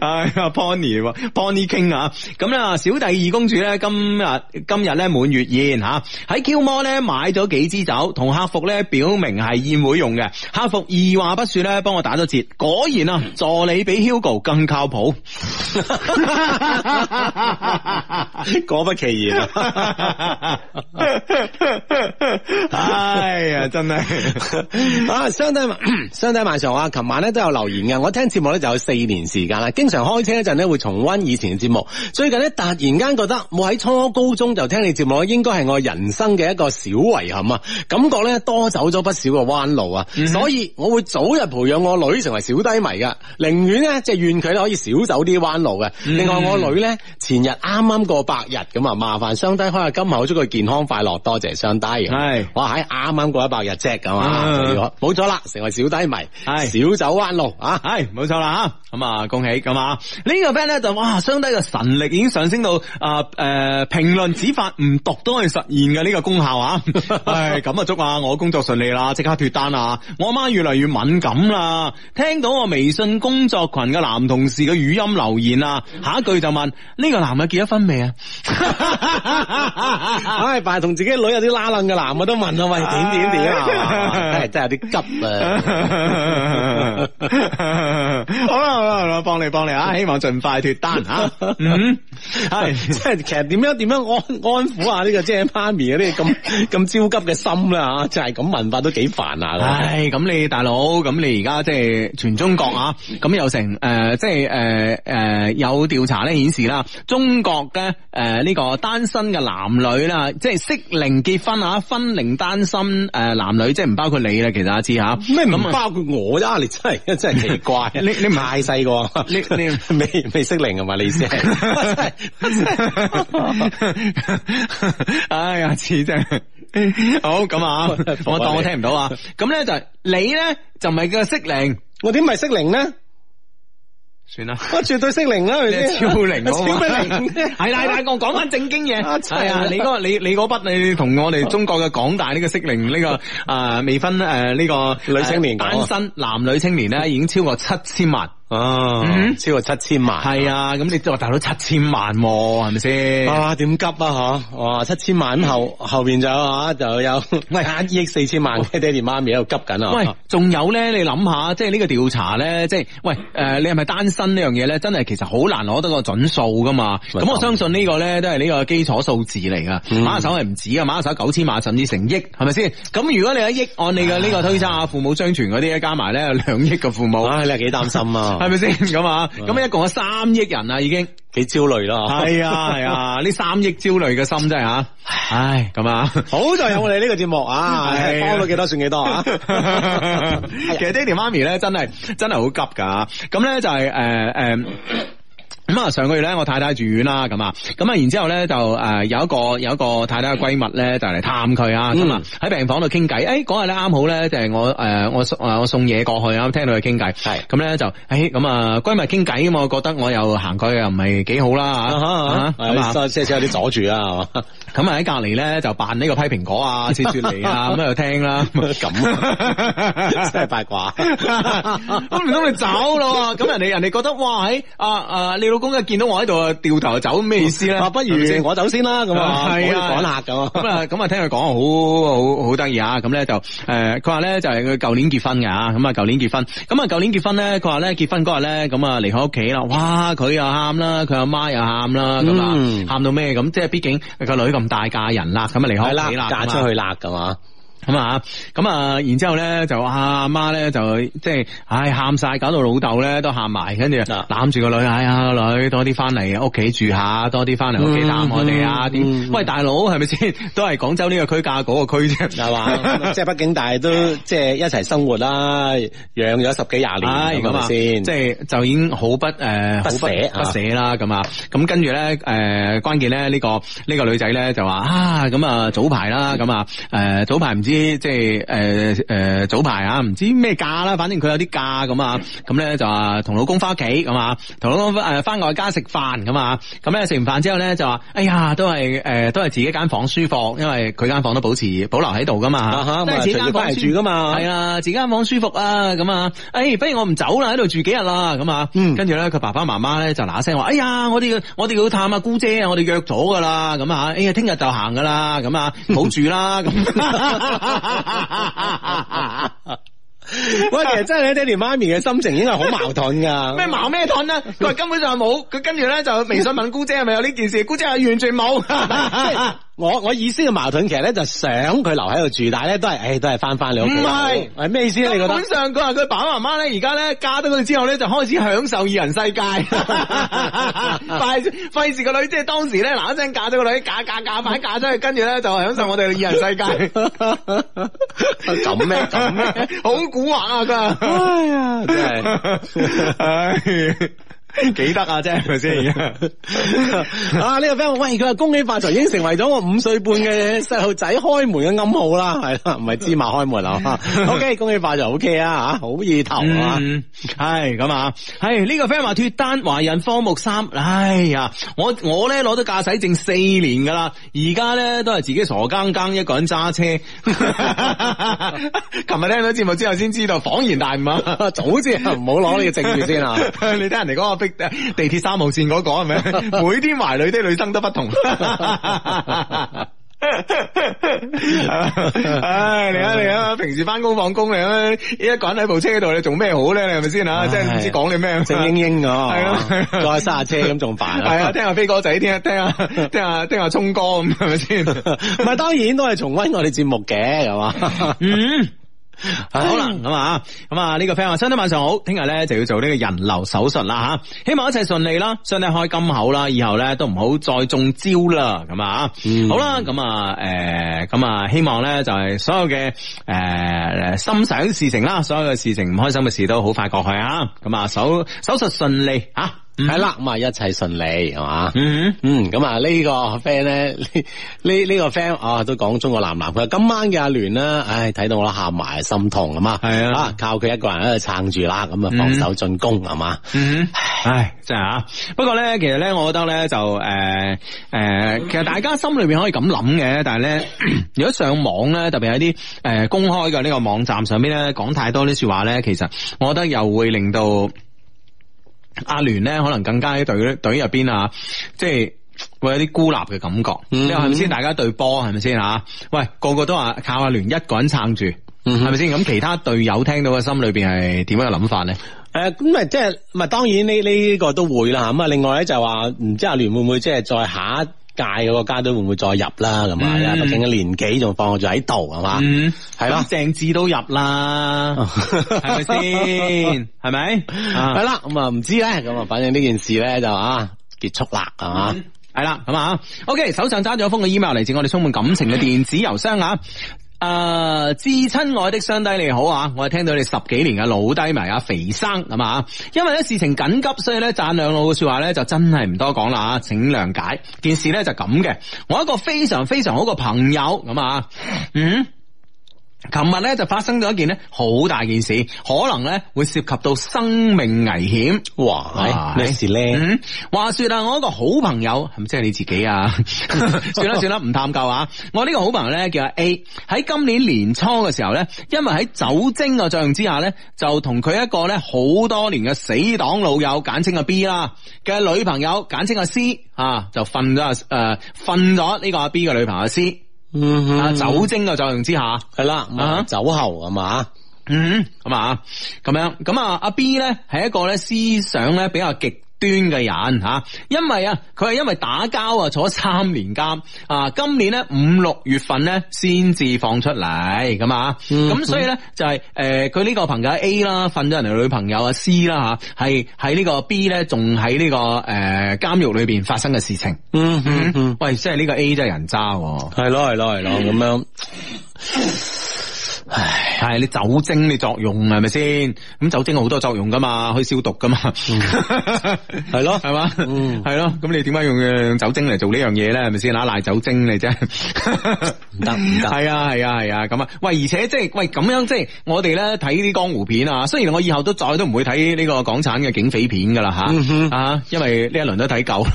[SPEAKER 2] 唉，Pony，Pony 傾啊，咁咧啊，小弟二公主咧今日今日咧滿月宴吓，喺 Q 魔咧買咗幾支酒，同客服咧表明係宴會用嘅，客服二話不說咧幫我打咗折，果然啊，助理比 Hugo 更靠譜，
[SPEAKER 3] <laughs>
[SPEAKER 2] <laughs> 果不其然。 <laughs> <laughs> 哎呀，真係 <laughs> 啊！雙低，雙低，晚上啊，琴晚咧都有留言嘅。我聽節目咧就有四年時間啦，經常開車一陣呢，會重溫以前嘅節目。最近呢，突然間覺得冇喺初高中就聽你節目，應該係我的人生嘅一個小遺憾啊！感覺咧多走咗不少嘅彎路啊，mm hmm. 所以我會早日培養我女成為小低迷噶，寧願呢，即係願佢可以少走啲彎路嘅。Mm hmm. 另外我女呢，前日啱啱過百日咁啊，麻煩雙低開下金口，今祝佢健康快樂。多謝雙低，係我是啱啱過一百日啫，咁啊，如果冇錯啦，成為小低迷，係少是走彎路啊，係冇錯啦吓。咁啊、嗯，恭喜咁啊！呢、嗯這個 friend 咧就哇，相低嘅神力已經上升到啊誒、呃呃，評論指法唔讀都可以實現嘅呢、這個功效、嗯哎、啊！係咁啊，祝啊我工作順利啦，即刻脫單啦！我阿媽越嚟越敏感啦，聽到我微信工作群嘅男同事嘅語音留言啊，下一句就問呢、這個男嘅結咗婚未啊？唉、 <laughs> 哎，扮同自己女有啲拉楞嘅男嘅都問啊，喂，點點點啊，哎、真係真係有啲急啊！ <laughs> 好啦、啊。幫啦，幫你幫你啊！希望盡快脱單吓。係即係其實點樣點樣安安撫下呢個即係媽咪嗰啲咁咁焦急嘅心啦，就即係咁問法都幾煩啊！就是、煩啊唉，咁你大佬，咁你而家即係全中國啊，咁有成誒，即係誒誒有調查咧顯示啦，中國嘅誒呢個單身嘅男女啦，即係適齡結婚啊，婚齡單身誒男女，即係唔包括你啦，其實阿、啊、知吓。咩、啊、唔包括我啊？你真係真係奇怪， <laughs> 你你唔係。細個，你你未未適齡係嘛？你意思係，哎呀，似真。好咁啊，我當我聽唔到啊。咁咧就係你咧就唔係叫適齡，我點咪適齡咧？算啦，我絕對適齡啦，超齡，超齡，係啦，大個講翻正經嘢。係啊，你嗰你你嗰筆你同我哋中國嘅廣大呢個適齡呢個啊未婚誒呢個女青年單身男女青年咧，已經超過七千萬。哦，超過七千萬，係啊，咁你都話達到七千萬，係咪先？啊，點、啊啊、急啊，吓！哇，七千萬咁後後邊就啊，就有，喂，呃、是是其實其實一億四千萬，爹哋媽咪喺度急緊啊！喂，仲有咧，你諗下，即係呢個調查咧，即係喂，誒，你係咪單身呢樣嘢咧？真係其實好難攞得個準數噶嘛。咁我相信個呢個咧都係呢個基礎數字嚟噶，買、嗯、手係唔止啊，買一手九千萬甚至成億，係咪先？咁如果你一億，按你嘅呢個推測啊，唉父母雙全嗰啲加埋咧有兩億嘅父母，啊，你係幾擔心啊？係咪先咁啊？咁 <laughs> 一共有三億人啊，已經幾焦慮咯！係啊係啊，呢三億焦慮嘅心真係吓，唉、哎、咁、哎、啊， <laughs> 好在有我哋呢個節目啊，幫到幾多算幾多啊！ <laughs> <laughs> 其實爹哋媽咪咧，真係真係好急噶，咁咧就係誒誒。呃呃 <coughs> 咁啊，上個月咧，我太太住院啦，咁啊，咁啊，然之後咧就誒有一個有一個太太嘅閨蜜咧就嚟探佢啊，咁啊喺病房度傾偈，誒嗰日咧啱好咧就係我誒我送我送嘢過去啊，聽到佢傾偈，係咁咧就誒咁啊閨蜜傾偈咁我覺得我又行佢又唔係幾好啦，嚇、啊哈，啊，即、啊、有啲阻住啦，係嘛，咁啊喺隔籬咧就扮呢個批蘋果啊、切雪梨啊咁啊，又 <laughs> 聽啦，咁樣， <laughs> 真係八卦，咁唔通你走咯？咁人哋人哋覺得哇，哎、啊啊你公啊，見到我喺度啊，掉頭就走，咩意思咧？不如我走先啦，咁啊，我趕客咁啊，咁啊，聽佢講啊，好好好得意啊，咁咧就誒，佢話咧就係佢舊年結婚嘅啊，咁啊，舊年結婚，咁啊，舊年結婚咧，佢話咧結婚嗰日咧，咁啊離開屋企啦，哇，佢又喊啦，佢阿媽又喊啦，咁啊，喊到咩咁？即係畢竟個女咁大嫁人啦，咁啊離開啦，嫁出去啦，咁啊。咁啊，咁啊，然之後咧就阿媽咧就即係唉喊曬，搞到老豆咧都喊埋，跟住就攬住個女，哎呀個女多啲翻嚟屋企住下，多啲翻嚟屋企攬我哋啊！啲喂大佬係咪先？都係廣州呢個區嫁嗰個區啫，係嘛？即係畢竟大都即係一齊生活啦，養咗十幾廿年，係咪先？即係就已經好不好不捨不捨啦咁啊！咁跟住咧誒，關鍵咧呢個呢個女仔咧就話啊，咁啊早排啦，咁啊早排唔知。即係誒誒，早排啊，唔知咩假啦，反正佢有啲假咁啊，咁、嗯、咧、嗯嗯、就話同老公翻屋企咁啊，同、嗯、老公誒翻外家食飯咁啊，咁咧食完飯之後咧就話，哎呀，都係誒、呃，都係自己間房舒服，因為佢間房都保持保留喺度噶嘛，都係自己間房、啊、住噶嘛，係、嗯、啊，自己間房舒服啊，咁、嗯、啊，哎，不如我唔走啦，喺度住幾日啦，咁、嗯、啊，跟住咧佢爸爸媽媽咧就嗱聲話，哎呀，我哋我哋要探阿姑姐啊，我哋約咗噶啦，咁、嗯、啊，哎呀，聽日就行噶啦，咁、嗯、啊，好住啦，咁。 <laughs> <laughs> 喂， <laughs> 其實真係你爹哋媽咪嘅心情應該係好矛盾噶。咩矛咩盾咧？佢話 <laughs> 根本就係冇，佢跟住咧就微信問姑姐係咪有呢件事？姑姐話完全冇。 <laughs> <laughs> 我我意思嘅矛盾，其實咧就想佢留喺度住，但係咧都係，唉，都係翻翻你屋企。係是，咩意思呢？你覺得？基本上佢話佢爸爸媽媽咧，而家咧嫁咗佢之後咧，就開始享受二人世界。費費事個女，即係當時咧嗱一聲嫁咗個女，嫁嫁嫁買嫁出去，跟住咧就享受我哋二人世界。咁咩？ <laughs> 咁咩？好古惑啊！佢。哎呀，真係，幾得啊，啫？係咪先啊，呢、這個 friend 喂，佢話恭喜發財已經成為咗我五歲半嘅細路仔開門嘅暗號啦，係啦，唔係芝麻開門啊 <laughs> OK，恭喜發財 OK 啊，吓好意頭，嗯哎、啊，係咁啊。係、這、呢個 friend 話脫單，華人科目三。哎呀，我我咧攞咗駕駛證四年噶啦，而家咧都係自己傻更更一個人揸車。琴日 <laughs> 聽到節目之後先知道，恍然大悟，啊，早知唔好攞呢個證住先啊！你， <laughs> 你聽人哋講啊，地鐵三號線嗰個係咪？ <laughs> 每天懷裏的女生都不同。 <laughs> <laughs> 唉，你啊你啊，平時翻工放工你啊，依家趕喺部車度你做咩好咧？你係咪先啊？即係唔知講你咩唉，正英英咁。係啊 <laughs> 了，再喺塞下車咁仲煩。係啊，聽下飛哥仔聽下，聽，聽下聽下聰哥咁係咪先？係 <laughs> 當然都係重溫我哋節目嘅係嘛。是是 <laughs> 嗯。嗯、好啦，咁啊，咁啊，呢個 friend Sunday 晚上好，聽日咧就要做呢個人流手術啦，吓、啊，希望一切順利啦。Sunday 開金口啦，以後咧都唔好再中招啦，咁啊，嗯、好啦，咁啊，誒，咁啊，希望咧就係所有嘅誒、呃、心想事成啦，所有嘅事情唔開心嘅事都好快過去啊，咁啊，手手術順利、啊係啦，咁啊、mm hmm. 一切順利係嘛？嗯、
[SPEAKER 3] mm hmm. 嗯，
[SPEAKER 2] 咁 <laughs> 啊呢個 friend 咧，呢呢個 friend 啊都講中國男籃，佢話今晚嘅阿聯啦，唉睇到我都喊埋心痛啊嘛。係啊，靠佢一個人喺度撐住啦，咁啊防守進攻，係嘛？嗯，唉真係啊。不過咧，其實咧，我覺得咧就誒誒、呃呃，其實大家心裏邊可以咁諗嘅，但係咧 <laughs> 如果上網咧，特別喺啲誒公開嘅呢個網站上邊咧，講太多啲說話咧，其實我覺得又會令到。阿聯咧，可能更加喺隊隊入邊啊，即係會有啲孤立嘅感覺，即係係咪先？你話大家對波係咪先啊？喂，個個都話靠阿聯一個人撐住，係咪先？咁其他隊友聽到嘅心裏邊係點樣嘅諗法咧？誒、呃，咁啊，就係，即係咪當然呢，呢個都會啦咁啊，另外咧就話唔知阿聯會唔會即係再下一？界嗰個家都會唔會再入啦？咁啊，嗯，畢竟個年紀仲放咗喺度係嘛？係咯，鄭智都入啦，係咪先？係咪 <laughs> 吧？係啦吧，咁啊唔知咧，咁啊吧，反正呢件事咧就啊結束啦，係嘛？係啦，咁啊，OK，手上揸咗封嘅 email，嚟自我哋充滿感情嘅電子郵箱啊。 <laughs> 啊，至親、uh, 愛的兄弟你好啊！我係聽到你十幾年嘅老低迷啊，肥生咁啊！因為咧事情緊急，所以咧讚兩老嘅說話咧就真係唔多講啦啊，請諒解。件事咧就咁嘅，我一個非常非常好嘅朋友咁啊，嗯。琴日咧就發生咗一件咧好大件事，可能咧會涉及到生命危險。哇！咩事咧、嗯？話說啊，我一個好朋友係咪即係你自己啊？ <laughs> <laughs> 算啦算啦，唔探究啊！我呢個好朋友咧叫阿 A，喺今年年初嘅時候咧，因為喺酒精嘅作用之下咧，就同佢一個咧好多年嘅死黨老友，簡稱阿 B 啦嘅女朋友，簡稱、呃、阿 C 啊，就瞓咗啊誒，瞓咗呢個阿 B 嘅女朋友 C。嗯，啊酒精嘅作用之下，係啦了，嗯、哼酒後咁嘛，嗯，咁啊，咁樣，咁啊，阿 B 咧係一個咧思想咧比較極端嘅人吓，因為啊，佢係因為打交啊，坐咗三年監啊，今年咧五六月份咧先至放出嚟咁啊，咁、嗯、哼所以咧就係誒，佢呢個朋友 A 啦，瞓咗人哋女朋友啊 C 啦吓，係喺呢個 B 咧，仲喺呢個誒監獄裏邊發生嘅事情。嗯嗯哼，嗯，喂，即係呢個 A 真係人渣，啊，係咯係咯係咯咁樣。唉。係你酒精你作用係咪先？咁酒精好多作用噶嘛，可以消毒噶嘛，係咯係嘛，係咯。 <laughs> 咁、嗯、你點解用酒精嚟做這呢樣嘢咧？係咪先？拿瀨酒精嚟啫，唔得唔得。係啊係啊係啊咁啊！喂，而且即係喂咁樣即係我哋咧睇啲江湖片啊。雖然我以後都再都唔會睇呢個港產嘅警匪片噶啦吓啊，嗯、哼因為呢一輪都睇夠。 <laughs>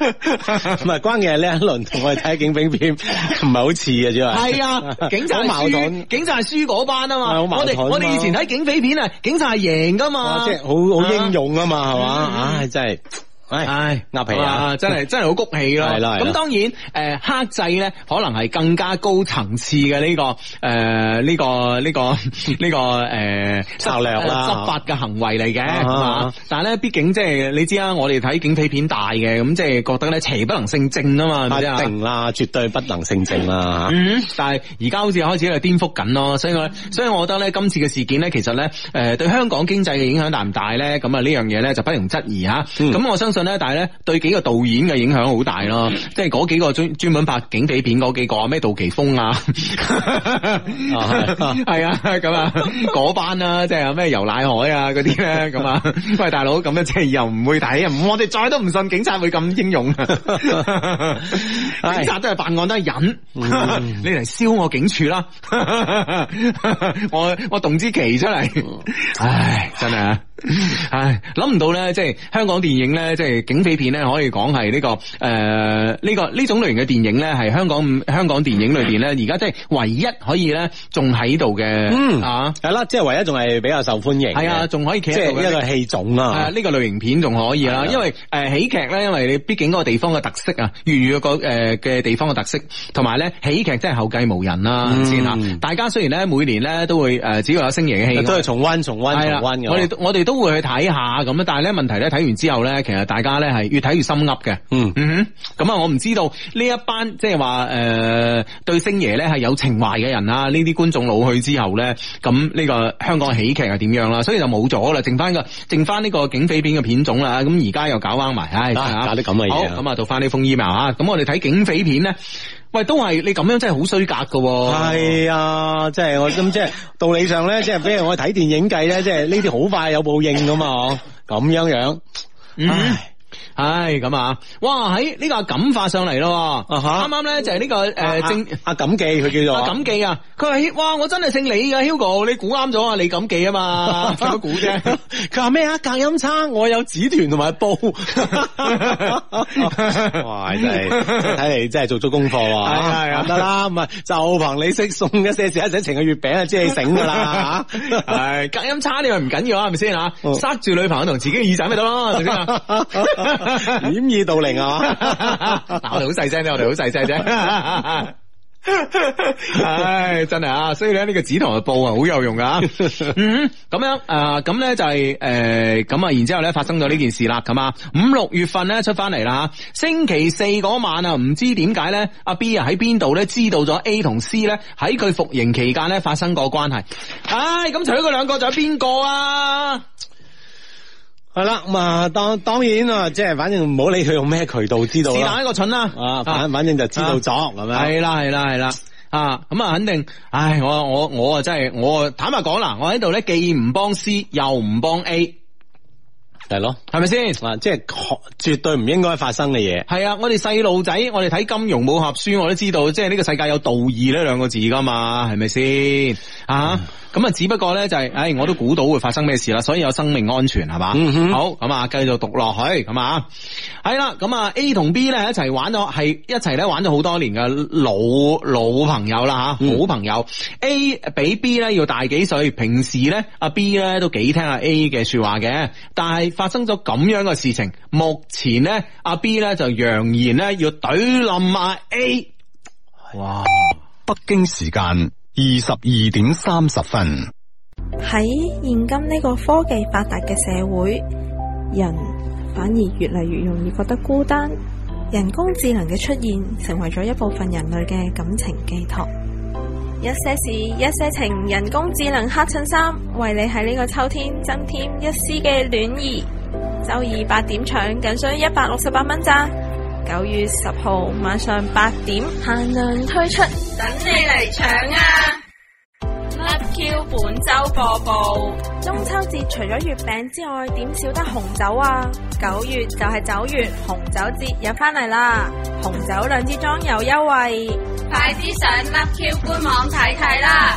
[SPEAKER 2] 唔係， <laughs> 關鍵係呢一輪同我哋睇警匪片唔係好似嘅啫嘛。係 <laughs> 啊，警察矛盾，警察係輸嗰班啊嘛。我哋們我哋以前睇警匪片啊，警察係贏噶嘛。哇，即係好好英勇啊嘛，係嘛，唉，真係。唉，鴨皮啊，啊真係真係好谷氣啦。咁 <laughs> 了當然，誒、呃、黑制克制咧，可能係更加高層次嘅呢、這個，誒、呃、呢、這個呢、這個呢、 <laughs> 這個誒，質量啦、執法嘅行為嚟嘅。啊啊、但係咧、就是，畢竟即係你知啦，我哋睇警匪片大嘅，咁即係覺得咧邪不能勝正啊嘛。一定啦，對吧絕對不能勝正啦。嗯，嗯，但係而家好似開始喺度顛覆緊咯，所以我所以我覺得咧，今次嘅事件咧，其實咧，誒對香港經濟嘅影響大唔大咧？咁啊呢樣嘢咧就不容質疑吓。咁、嗯、我相信。但係咧，對幾個導演嘅影響好大咯，即係嗰幾個專專門拍警匪片嗰幾個啊，咩杜琪峰啊，係 <laughs> <laughs> 啊，咁啊，嗰、那個、班啊，即係咩游乃海啊，嗰啲咧，咁啊，喂，大佬，咁樣，即係又唔會睇啊，我哋再都唔信警察會咁英勇、啊， <laughs> 是警察都係辦案都係忍，嗯、你嚟燒我警署啦， <laughs> 我我動支旗出嚟，唉，真係。唉，諗唔到咧，即係香港電影咧，即係警匪片咧，可以講係呢個誒呢個呢種類型嘅電影咧，係香港香港電影裏邊咧，而家即係唯一可以咧仲喺度嘅，嗯吓係啦，即係唯一仲係比較受歡迎，係啊，仲可以企喺度嘅呢個戲種啊，呢個類型片仲可以啦，因為誒喜劇咧，因為你畢竟嗰個地方嘅特色啊，粵語個誒嘅地方嘅特色，同埋咧喜劇真係後繼無人啦，先吓，大家雖然咧每年咧都會誒只要有星爺嘅戲，都係重溫重溫重溫嘅，我哋我哋都。都會去睇下咁啊，但係咧問題咧睇完之後咧，其實大家咧係越睇越心噏嘅。嗯嗯，咁啊，我唔知道呢一班即係話誒對星爺咧係有情懷嘅人啊，呢啲觀眾老去之後咧，咁呢個香港喜劇係點樣啦？所以就冇咗啦，剩翻個剩翻呢個警匪片嘅片種啦。咁而家又搞翻埋，唉，搞啲咁嘅嘢。好，咁啊，做翻呢封 email 啊。咁我哋睇警匪片咧。喂，都係你咁樣真係好衰格噶，係啊，真係我咁即係道理上咧，即係比如我哋睇電影計咧，即係呢啲好快有報應噶嘛，咁樣樣，嗯嗯唉係咁啊！哇，喺、哎、呢、這個感錦化上嚟咯、啊，啱啱咧就係、是、呢、這個誒，呃啊、正阿錦、啊啊、記佢叫做阿、啊、錦、啊、記啊！佢話哇，我真係姓李噶、啊、，Hugo，你估啱咗啊？李錦記啊嘛，講估啫。佢話咩啊？隔音差，我有紙團同埋布、 <laughs> 啊。哇，真係睇嚟真係做足功課。係啊，得啦、 <laughs> 哎，唔、哎、係就憑你識送一些事一些情嘅月餅 <laughs> 啊，知你醒噶啦吓。係隔音差，你咪唔緊要啊，咪先吓，塞住女朋友同自己嘅耳仔咪得咯， <laughs> 掩耳盜鈴啊！ <laughs> <laughs> 我哋好細聲啫，我哋好細聲啫。唉，真係啊，所以咧呢個紙同嘅報啊，好有用噶、啊。嗯，咁樣誒，咁、呃、咧就係、是、誒，咁、呃、啊，然之後咧發生咗呢件事啦，咁啊，五六月份咧出翻嚟啦，星期四嗰晚啊，唔知點解咧，阿 B 啊喺邊度咧，知道咗 A 同 C 咧喺佢服刑期間咧發生過關係。唉，咁除咗佢兩個，仲有邊個啊？係啦，咁啊、嗯，當當然啊，即係反正唔好理佢用咩渠道知道啦。是但一個蠢啦，啊，反反正就知道咗，咁樣。係啦，係啦，係啦，啊，咁樣啊、嗯嗯，肯定，唉，我我我啊，真係我坦白講啦，我喺度咧既唔幫 C 又唔幫 A，係咯，係咪先？嗱，即係絕對唔應該發生嘅嘢。係啊，我哋細路仔，我哋睇《金融武俠書》，我都知道，即係呢個世界有道義呢兩個字噶嘛，係咪先？啊！嗯咁啊，只不過咧就係、是哎，我都估到會發生咩事啦，所以有生命安全係嘛，嗯、哼好，咁啊，繼續讀落去，咁啊，係啦，咁啊 A 同 B 咧一齊玩咗，係一齊咧玩咗好多年嘅老老朋友啦吓，好朋友、嗯、A 比 B 咧要大幾歲，平時咧阿 B 咧都幾聽阿 A 嘅說話嘅，但係發生咗咁樣嘅事情，目前咧阿 B 咧就揚言咧要懟冧阿 A，哇，北京時間。二十二點三十分。
[SPEAKER 1] 喺現今呢個科技發達嘅社會，人反而越嚟越容易覺得孤單。人工智能嘅出現，成為咗一部分人類嘅感情寄託。一些事，一些情，人工智能黑襯衫，為你喺呢個秋天增添一絲嘅暖意。周二八點搶，僅需一百六十八蚊咋。九月十號晚上八點限量推出，等你嚟搶啊！Love Q 本周播報：中秋節除咗月餅之外，點少得紅酒啊！九月就係九月，紅酒節又翻嚟啦！紅酒兩支裝有優惠，快啲上 Love Q 官網睇睇啦！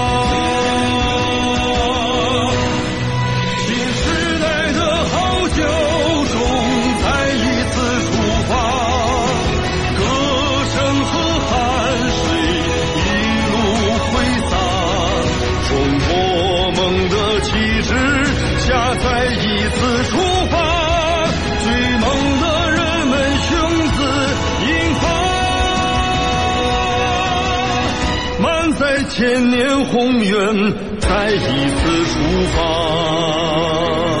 [SPEAKER 4] 永願再一次出發。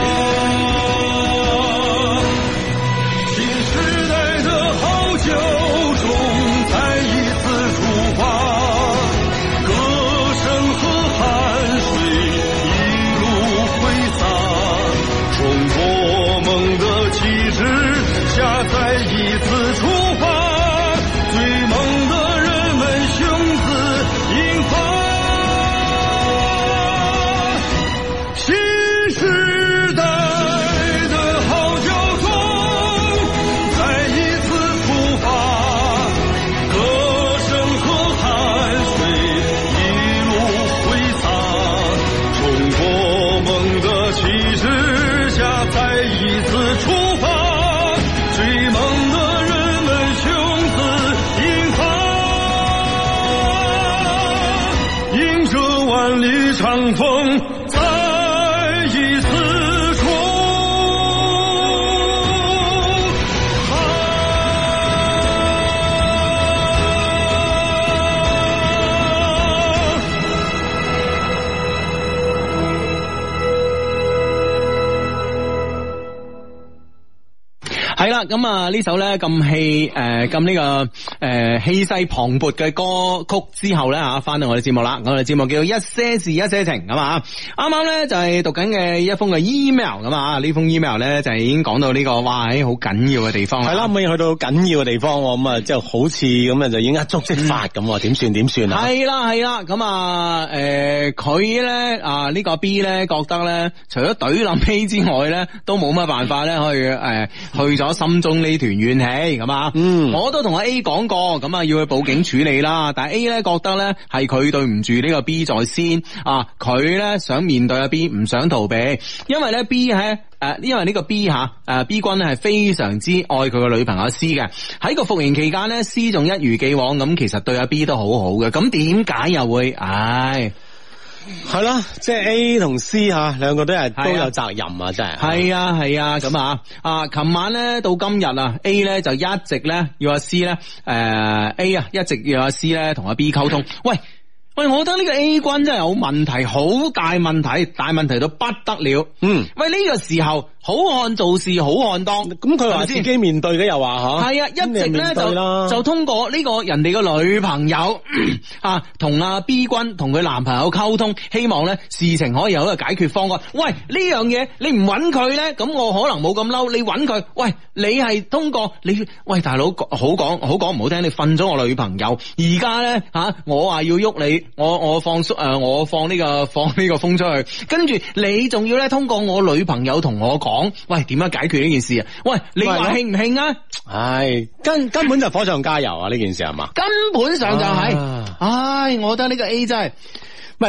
[SPEAKER 2] 咁啊！呢首咧咁氣誒咁呢個誒、呃、氣勢磅礴嘅歌曲之後咧吓翻到我哋節目啦，我哋節目叫做《一些事一些情》咁啊！啱啱咧就係、是、讀緊嘅一封嘅 email 咁啊！封呢封 email 咧就係、是、已經講到呢、這個哇喺好緊要嘅地方，係啦，可以去到緊要嘅地方，咁啊，即係好似咁啊，就已經一觸即發咁，點、嗯、算點算啊？係啦係啦，咁、呃、啊誒佢咧啊呢個 B 咧覺得咧，除咗懟林 A 之外咧， <laughs> 都冇乜辦法咧，可以誒、呃、去咗心中。送呢團怨氣，咁啊，嗯、我都同阿 A 講過，咁啊要去報警處理啦。但係 A 咧覺得咧係佢對唔住呢個 B 在先啊，佢咧想面對阿 B，唔想逃避，因為咧 B 呢，誒、呃，因為呢個 B 吓、啊、誒 B 君咧係非常之愛佢個女朋友 C 嘅。喺個服刑期間咧，C 仲一如既往咁，其實對阿 B 都好好嘅。咁點解又會唉？哎係啦，即係 A 同 C 吓，兩個都係都有責任啊！真係，係啊係啊，咁啊啊！琴、嗯啊、晚咧到今日啊，A 咧就一直咧要阿 C 咧，誒、呃、A 啊一直要阿 C 咧同阿 B 溝通。喂、嗯、喂，我覺得呢個 A 君真係有問題，好大問題，大問題到不得了。嗯，喂呢、呢個時候。好漢做事好漢當，咁佢話自己面對咧，是是又話說吓，係啊，一直咧就就通過呢個人哋嘅女朋友 <coughs> 啊，同阿、啊、B 君同佢男朋友溝通，希望咧事情可以有一個解決方案。喂，樣呢樣嘢你唔揾佢咧，咁我可能冇咁嬲。你揾佢，喂，你係通過你，喂，大佬，好講好講唔好聽，你瞓咗我女朋友，而家咧吓，我話要喐你，我我放縮誒，我放呢、呃呢個放呢個風出去，跟住你仲要咧通過我女朋友同我講。講，喂，點樣解決呢件事啊？喂，你話興唔興啊？唉，根根本就火上加油啊！呢件事係嘛？根本上就係、是，唉，唉，我覺得呢個 A 真係。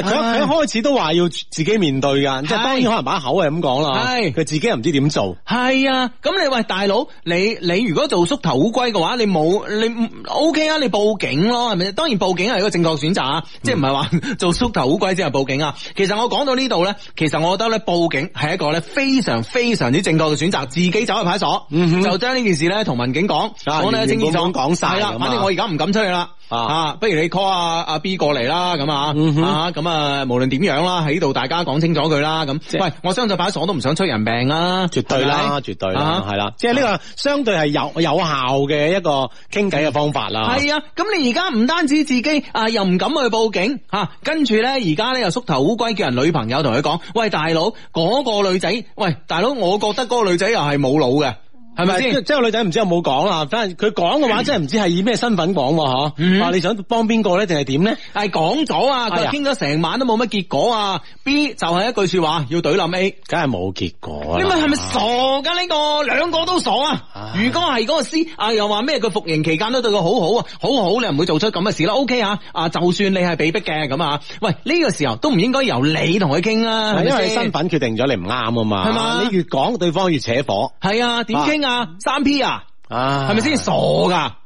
[SPEAKER 2] 唔，佢開始都話要自己面對㗎，即係當然可能把口係咁講啦。佢自己又唔知點做。係啊，咁你喂，大佬，你你如果做縮頭烏龜嘅話，你冇你 O K 啊，你報警咯，係咪？當然報警係一個正確選擇啊，即係唔係話做縮頭烏龜先係報警啊？其實我講到呢度咧，其實我覺得咧報警係一個咧非常非常之正確嘅選擇，自己走去派出所就將呢件事咧同民警講，我哋證件講講啦，反正我而家唔敢出去啦。啊，不如你 call 阿阿 B 過嚟啦，咁啊，咁啊，無論點樣啦，喺度大家講清楚佢啦，咁喂，我相信派出所都唔想出人命啦，絕對啦，吧絕對啦，係啦、uh，即係呢個相對係有有效嘅一個傾偈嘅方法啦。係、嗯、啊，咁你而家唔單止自己啊，又唔敢去報警吓，跟住咧，而家咧又縮頭烏龜，叫人女朋友同佢講，喂大佬，嗰、嗰個女仔，喂大佬，我覺得嗰個女仔又係冇腦嘅。係咪先？即係個女仔唔知有冇講啊？反正佢講嘅話，真係唔知係以咩身份講吓。話、嗯啊、你想幫邊個咧，定係點咧？係講咗啊！佢傾咗成晚都冇乜結果啊！B 就係一句說話要懟冧 A，梗係冇結果啊！是問果你問係咪傻噶？呢、呢個兩個都傻啊！唉如果係嗰個 C 啊，又話咩？佢服刑期間都對佢好好啊，好好你唔會做出咁嘅事啦。OK 吓、啊，啊就算你係被逼嘅咁啊，喂呢、呢個時候都唔應該由你同佢傾啊。是是因為你身份決定咗你唔啱啊嘛。係嘛嗎，你越講對方越扯火。係啊，點傾？啊，三 P 啊，係咪先傻噶？啊、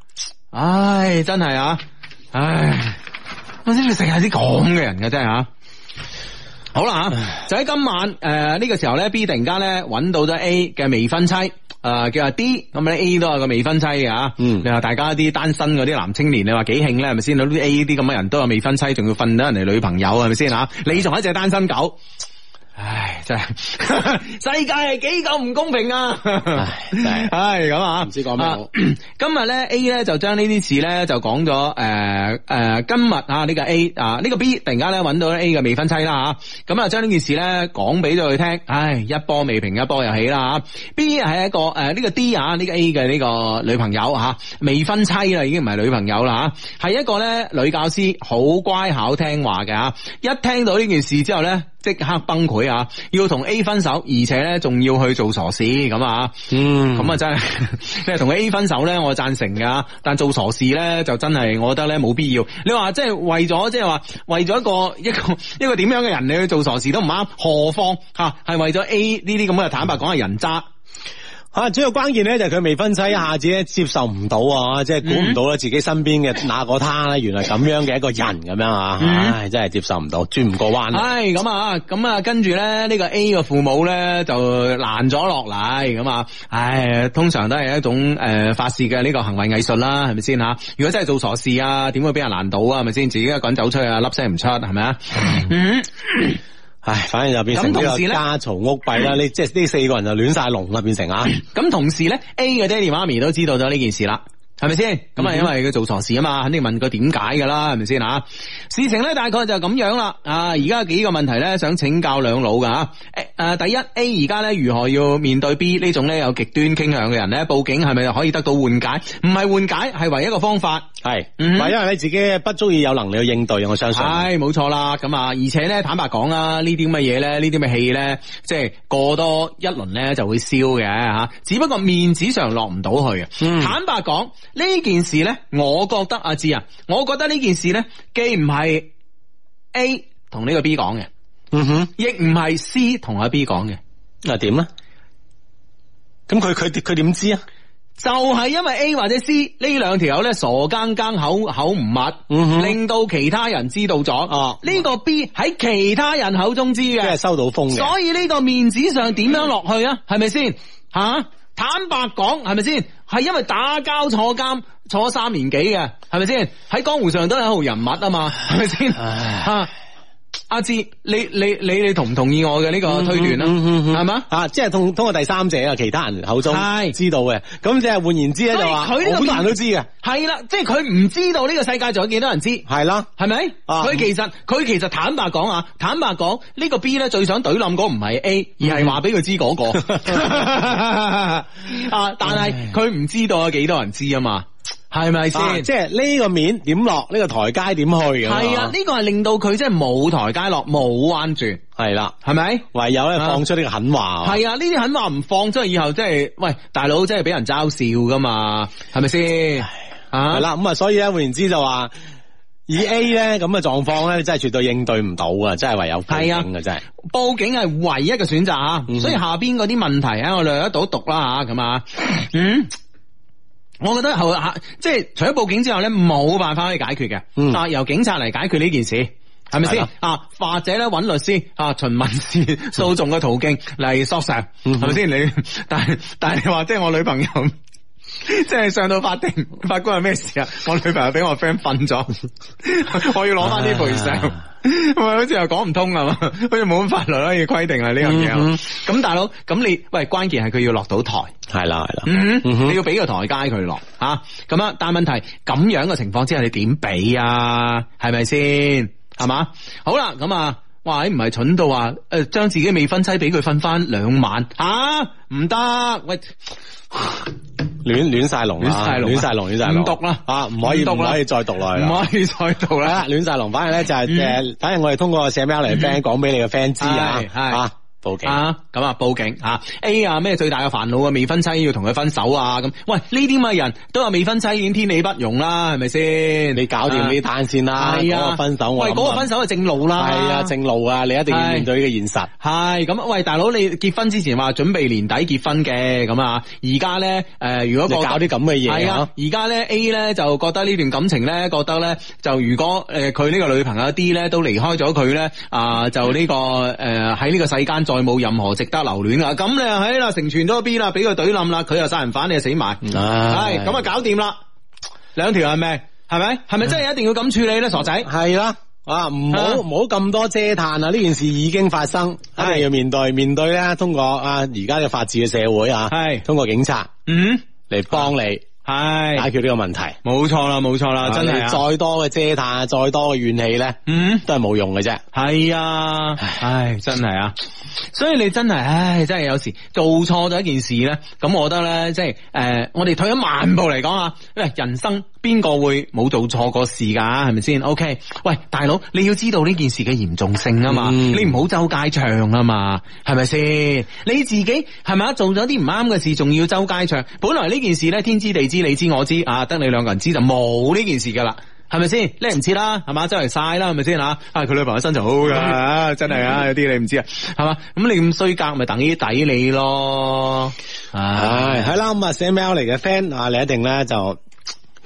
[SPEAKER 2] 唉，真係啊，唉，我知你食下啲咁嘅人嘅啫吓。好啦吓，唉就喺今晚誒呢、呃這個時候咧，B 突然間咧搵到咗 A 嘅未婚妻誒、呃，叫阿 D 咁咧，A 都有個未婚妻噶吓，嗯，你話大家啲單身嗰啲男青年，你話幾興咧，係咪先？啲 A 啲咁嘅人都有未婚妻，仲要瞓到人哋女朋友，係咪先吓？你仲係一隻單身狗。唉，真係世界係幾咁唔公平啊！唉，咁啊，唔知講咩好。今日咧 A 咧就將呢啲事咧就講咗誒誒，今日啊呢個 A 啊呢個 B 突然間咧搵到 A 嘅未婚妻啦吓，咁啊將呢件事咧講俾咗佢聽。唉、哎，一波未平一波又起啦吓。B 係一個誒呢、呢個 D 啊呢個 A 嘅呢個女朋友吓，未婚妻啦已經唔係女朋友啦吓，係一個咧女教師，好乖巧聽話嘅吓，一聽到呢件事之後咧。即刻崩潰啊！要同 A 分手，而且咧仲要去做傻事咁啊！嗯，咁啊真係即係同 A 分手呢，我贊成噶，但做傻事呢，就真係，我覺得呢冇必要。你話即係為咗即係話為咗一個一個一個點樣嘅人，你去做傻事都唔啱，何況吓係為咗 A 呢啲咁嘅坦白講係人渣。啊，主要關鍵咧就佢未婚妻一下子接受唔到啊，即係估唔到咧自己身邊嘅那個他咧，原來咁樣嘅一個人咁樣啊，唉，真係接受唔到，轉唔過彎。唉，咁啊，咁啊，跟住咧呢個 A 嘅父母咧就攔咗落嚟，咁啊，唉，通常都係一種誒發洩嘅呢個行為藝術啦，係咪先吓？如果真係做傻事啊，點會俾人攔到啊？係咪先？自己一個人走出去啊，粒聲唔出，係咪啊？ <laughs> <laughs> 唉，反正就變成呢個家嘈屋閉啦。你即係呢四個人就亂晒龍啦，變成啊。咁同時咧，A 嘅爹哋媽咪都知道咗呢件事啦。係咪先？咁啊，嗯、哼因為佢做錯事啊嘛，肯定問佢點解噶啦，係咪先吓？事情咧大概就咁樣啦。啊，而家幾個問題咧，想請教兩老噶吓。誒第一 A 而家咧如何要面對 B 呢種咧有極端傾向嘅人咧，報警係咪可以得到緩解？唔係緩解，係唯一一個方法。係是，唔係、嗯、因為你自己不鍾意有能力去應對，我相信。係，冇錯啦。咁啊，而且咧坦白講啦，呢啲咁嘅嘢咧，呢啲咩嘅戲咧，即係過多一輪咧就會燒嘅吓。只不過面子上落唔到去。坦白講。呢件事咧，我覺得阿志啊，我覺得呢件事咧，既唔係 A 同呢個 B 講嘅，嗯哼，亦唔係 C 同阿 B 講嘅，嗱，點咧？咁佢佢佢點知啊？就係因為 A 或者 C 呢兩條友咧，傻更更口口唔密，嗯哼，令到其他人知道咗。哦，呢個 B 喺其他人口中知嘅，即係收到風嘅。所以呢個面子上點樣落去，嗯、係咪啊？係咪先吓？坦白講，係咪先？係因為打交坐監坐咗三年幾嘅，係咪先？喺江湖上都係一號人物係咪先？唉啊嘛，係咪先？吓。阿志，你你你你同唔同意我嘅呢個推斷啊？係嘛，吓即係通通過第三者啊，其他人口中知道嘅，咁即係換言之咧就話，好多人都知嘅，係啦，即係佢唔知道呢個世界仲有幾多人知，係啦，係咪？佢其實佢其實坦白講啊，坦白講呢個 B 咧最想懟冧嗰唔係 A，而係話俾佢知嗰個啊，但係佢唔知道有幾多人知啊嘛。係咪先？即係呢個面點落呢個台階點去的是啊？係、這個、啊，呢個係令到佢即係冇台階落冇彎住。係啦，係咪？唯有咧放出呢個狠話。係啊，呢啲狠話唔放，出，係以後即、就、係、是、喂大佬，即係俾人嘲笑噶嘛？係咪先？係啦唉，咁啊，啊，所以咧換言之就話，以 A 咧咁嘅狀況咧，真係絕對應對唔到啊！真係唯有報警嘅、啊、真係的，報警係唯一嘅選擇啊！所以下邊嗰啲問題喺我略一度讀啦吓咁啊，嗯。我覺得後下即係除咗報警之後咧，冇辦法可以解決嘅。嗯，啊，由警察嚟解決呢件事，係咪先？的啊，或者咧揾律師啊，循民事訴訟嘅途徑嚟索償，係咪先？你但係但係你話即係我女朋友。即係上到法庭，法官係咩事啊？我女朋友俾我 friend 瞓咗，我要攞翻啲賠償，我、啊啊啊、 <laughs> 好似又講唔通啊嘛，好似冇咁法律可以規定啦呢樣嘢。咁、嗯、哼大佬，咁你喂關鍵係佢要落到台，係啦係啦，嗯、哼的你要俾個台階佢落吓。咁啊，但係問題咁樣嘅情況之下，你點俾啊？係咪先？係嘛、嗯哼？好啦，咁啊。話唔係蠢到話誒將自己未婚妻俾佢瞓翻兩晚吓，唔得，喂，亂亂晒龍啦，亂晒龍，亂晒龍，唔讀啦，啊，唔可以唔可以再讀耐，唔可以再讀啦，亂晒龍。反而咧就係誒，反而、就是嗯、我哋通過寫 friend 講俾你嘅 friend、嗯、知道啊。報警啊！咁啊，報警吓 A 啊，咩最大嘅煩惱啊？未婚妻要同佢分手啊！咁，喂，呢啲咁嘅人都話未婚妻已經天理不容啦，係咪先？你搞掂呢單先啦，嗰、啊、個分手係、啊、想喂，嗰、嗰個分手係正路啦，係啊，正路啊，你一定要面對呢個現實。係咁，喂，大佬，你結婚之前話準備年底結婚嘅，咁啊，而家咧誒，如果搞啲咁嘅嘢，係啊，而家咧 A 咧就覺得呢段感情咧，覺得咧就如果誒佢呢個女朋友 D 咧都離開咗佢咧啊，就呢、呢個誒喺呢個世間再。佢冇任何值得留戀啊。咁你又喺啦，成全咗邊啦，俾佢懟冧啦，佢又殺人犯，你就死埋，係咁啊，搞掂啦，兩條人命，係咪？係咪真係一定要咁處理咧？傻仔，係啦，啊，唔好唔好咁多遮嘆啊！呢件事已經發生，肯定要面對的面對啦。通過啊，而家嘅法治嘅社會啊，係的通過警察嗯嚟，幫你。係是解決呢個問題，冇錯啦，冇錯啦，是是啊、真係再多嘅嗟嘆，再多嘅怨氣咧，嗯，都係冇用嘅啫。係啊，唉，真係啊，所以你真係，唉，真係有時做錯咗一件事咧，咁我覺得咧，即、就、係、是，誒、呃，我哋退一萬步嚟講啊，喂，人生邊個會冇做錯過事噶？係咪先？OK，喂，大佬，你要知道呢件事嘅嚴重性啊嘛，嗯、你唔好周街唱啊嘛，係咪先？你自己係咪啊做咗啲唔啱嘅事，仲要周街唱，本來呢件事咧天知地知。你知我知啊，得你兩個人知就冇呢件事噶啦，係咪先？你唔切啦，係嘛？周圍晒啦，係咪先吓？啊，佢女朋友身材好㗎，噶、嗯啊，真係啊，有啲你唔知啊，係嘛、嗯？咁你咁衰格咪等於抵你咯，唉，係唉啦，咁啊，S M L 嚟嘅 friend 啊，你一定咧就。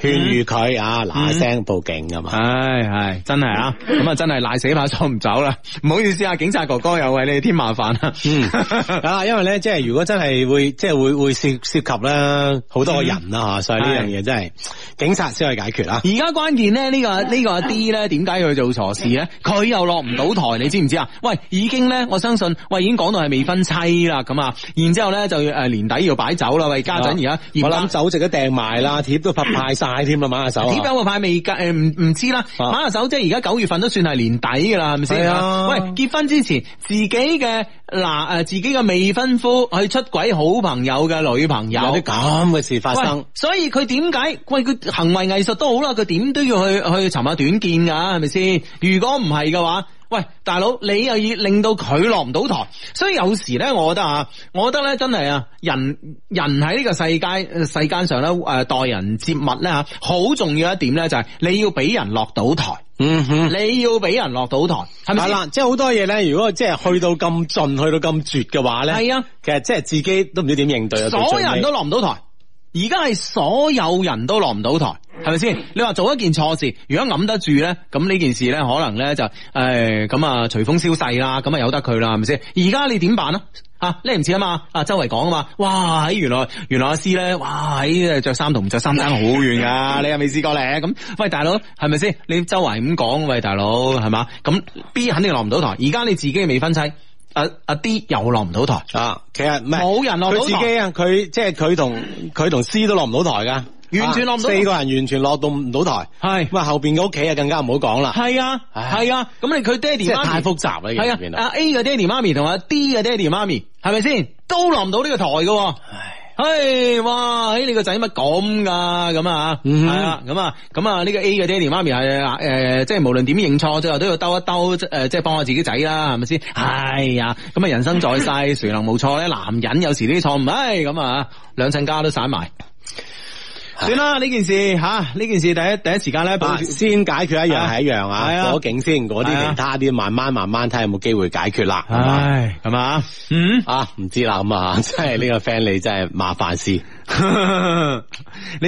[SPEAKER 2] 勸喻佢啊，嗱聲報警咁嘛，係係真係啊，咁啊真係賴死把鎖唔走啦！唔好意思啊，警察哥哥又為你哋添麻煩。嗯，啊，因為咧，即係如果真係會，即係會會涉涉及咧，好多人啦吓，所以呢樣嘢真係警察先可以解決啦。而家關鍵咧，呢個呢個 D 咧，點解佢做錯事咧？佢又落唔到台，你知唔知啊？喂，已經咧，我相信喂已經講到係未婚妻啦，咁啊，然之後咧就要誒年底要擺酒啦，喂，家陣而家我諗酒席都訂埋啦，帖都發派晒。買添啦，買下手，啊。點解個牌未？誒、呃，唔唔知啦。買下手，即係而家九月份都算係年底噶啦，係咪先？啊。係係啊喂，結婚之前自己嘅嗱誒，自己嘅，呃、未婚夫去出軌好朋友嘅女朋友，有啲咁嘅事發生。所以佢點解？喂，佢行為藝術都好啦，佢點都要去去尋下短見噶，係咪先？如果唔係嘅話。喂，大佬，你又要令到佢落唔到台，所以有時咧，我覺得啊，我覺得咧，真係啊，人人喺呢個世界世界上咧，誒，待人接物咧吓，好重要一點咧，就係你要俾人落到台，嗯哼，你要俾人落到台，係咪？係啦，即係好多嘢咧，如果即係去到咁盡，去到咁絕嘅話咧，係啊，其實即係自己都唔知點應對啊，所有人都落唔到台。而家係所有人都落唔到台，係咪先？你話做一件錯事，如果揞得住咧，咁呢件事咧可能咧就誒咁啊隨風消逝啦，咁啊由得佢啦，係咪先？而家你點辦啊？啊，你唔似啊嘛，啊周圍講啊嘛，哇喺原來原來阿 C 咧，哇喺着衫同唔着衫爭好遠啊， <laughs> 你又未試過咧？咁喂大佬係咪先？你周圍咁講喂大佬係嘛？咁 B 肯定落唔到台，而家你自己未婚妻。阿阿 D 又落唔到台啊！其實唔係冇人落，佢自己啊，佢即係佢同佢同 C 都落唔到台噶，完全落唔到，四個人完全落到唔到台。係是，咁啊後邊嘅屋企啊更加唔好講啦。係啊，係唉啊，咁你佢爹哋媽咪太複雜啦。係啊，阿 A 嘅爹哋媽咪同阿 D 嘅爹哋媽咪，係咪先都落唔到呢個台喎。 <laughs> 唉、哎，哇！你個仔乜咁噶咁啊？係啦，咁啊，咁啊，呢個 A 嘅爹哋媽咪係誒，即係無論點認錯，最後都要兜一兜，誒、呃，即係幫下自己仔啦，係咪先？哎呀，咁啊，人生在世，誰能 <laughs> 無錯咧？男人有時啲錯誤，唉，咁、哎、啊，兩親家都散埋。算啦，呢件事吓，呢件事第一第一時間咧，先解決一樣係一樣啊，報警先，嗰啲其他啲慢慢慢慢睇有冇機會解決啦。唉，係嘛？嗯，啊，唔知啦，咁啊，真係呢個 friend 你真係麻煩事。呢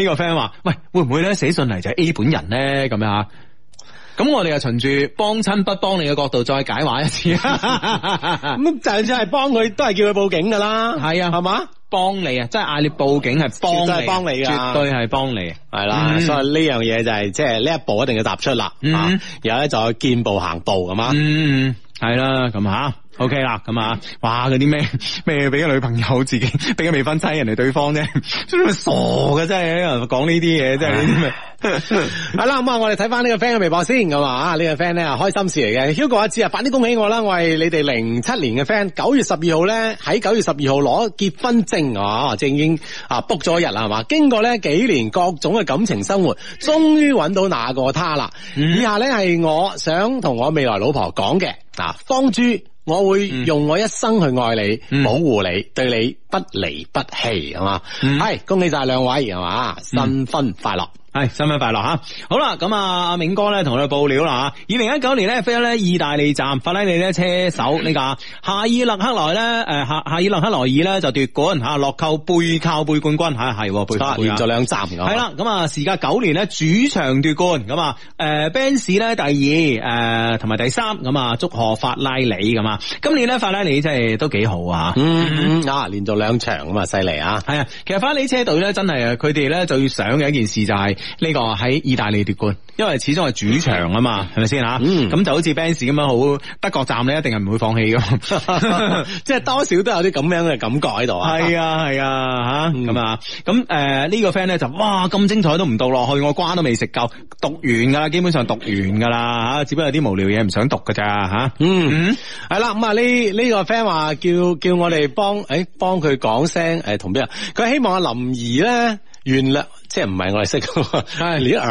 [SPEAKER 2] 個 friend 話，喂，會唔會咧寫信嚟就係 A 本人咧？咁樣咁我哋又循住幫親不幫你嘅角度再解話一次。咁就真係幫佢，都係叫佢報警噶啦。係啊，係嘛？幫你啊，即係嗌你報警係幫你，幫你嘅，絕對係幫你，絕對係幫你，係啦，所以呢樣嘢就係、是、即係呢一步一定要踏出啦，啊、嗯，然後咧就見步行步咁啊，嗯，係啦樣，咁吓、嗯。對。O K 啦，咁啊，哇，嗰啲咩咩俾個女朋友，自己俾個未婚妻，人哋對方啫，真傻嘅，真係。講呢啲嘢真係。係啦， <laughs> 咁啊， <laughs> <laughs> 我哋睇翻呢個 friend 嘅微博先，咁啊，呢個 friend 咧係開心事嚟嘅，Hugo 阿志啊，快啲恭喜我啦，我係你哋零七年嘅 friend，九月十二號咧喺九月十二號攞結婚證啊，正經，book 咗一日啦，係嘛，經過咧幾年各種嘅感情生活，終於揾到那個他啦，以下咧係我想同我未來老婆講嘅，啊，方珠。我會用我一生去愛你，嗯、保護你，對你不離不棄，係嘛？係、嗯、恭喜晒兩位，係嘛？新婚快樂！係，新年快樂吓、啊！好啦，咁啊，阿銘哥咧同佢哋報料啦吓。二零一九年咧，飛咧意大利站，法拉利咧車手呢個夏爾勒克萊咧，誒夏夏爾勒克萊爾咧就奪冠吓，落扣背靠背冠軍吓，係背靠背啊，連續兩站咁。係啦，咁啊，時隔九年咧主場奪冠咁啊，誒，Benz 咧第二，誒、呃，同埋第三咁啊，祝賀法拉利咁啊！今年咧法拉利真係都幾好、嗯嗯、啊，嗯啊，連續兩場咁啊，犀利啊！係啊，其實法拉利車隊咧真係佢哋咧最想嘅一件事就係、是。呢個喺意大利奪冠，因為始終係主場啊嘛，係咪先吓？咁、嗯、就好似 Benz 咁樣好德國站咧，一定係唔會放棄咁，即係多少都有啲咁樣嘅感覺喺度啊。係啊，係啊，吓咁啊，咁誒、呃這個、呢個 friend 咧就哇咁精彩都唔到落去，我瓜都未食夠，讀完噶啦，基本上讀完噶啦吓，只不過有啲無聊嘢唔想讀噶咋吓。啊、嗯,嗯，係啦，咁啊呢呢個 friend 話叫叫我哋幫誒幫佢講聲誒同邊啊？佢、欸欸、希望阿林兒咧原諒。即係唔係我哋識咯，你啲的、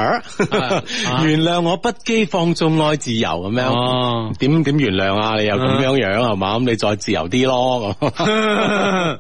[SPEAKER 2] 啊、原諒我不羈放縱愛自由咁樣，點點原諒啊？諒，你又咁樣樣係嘛？咁、啊、你再自由啲咯咁。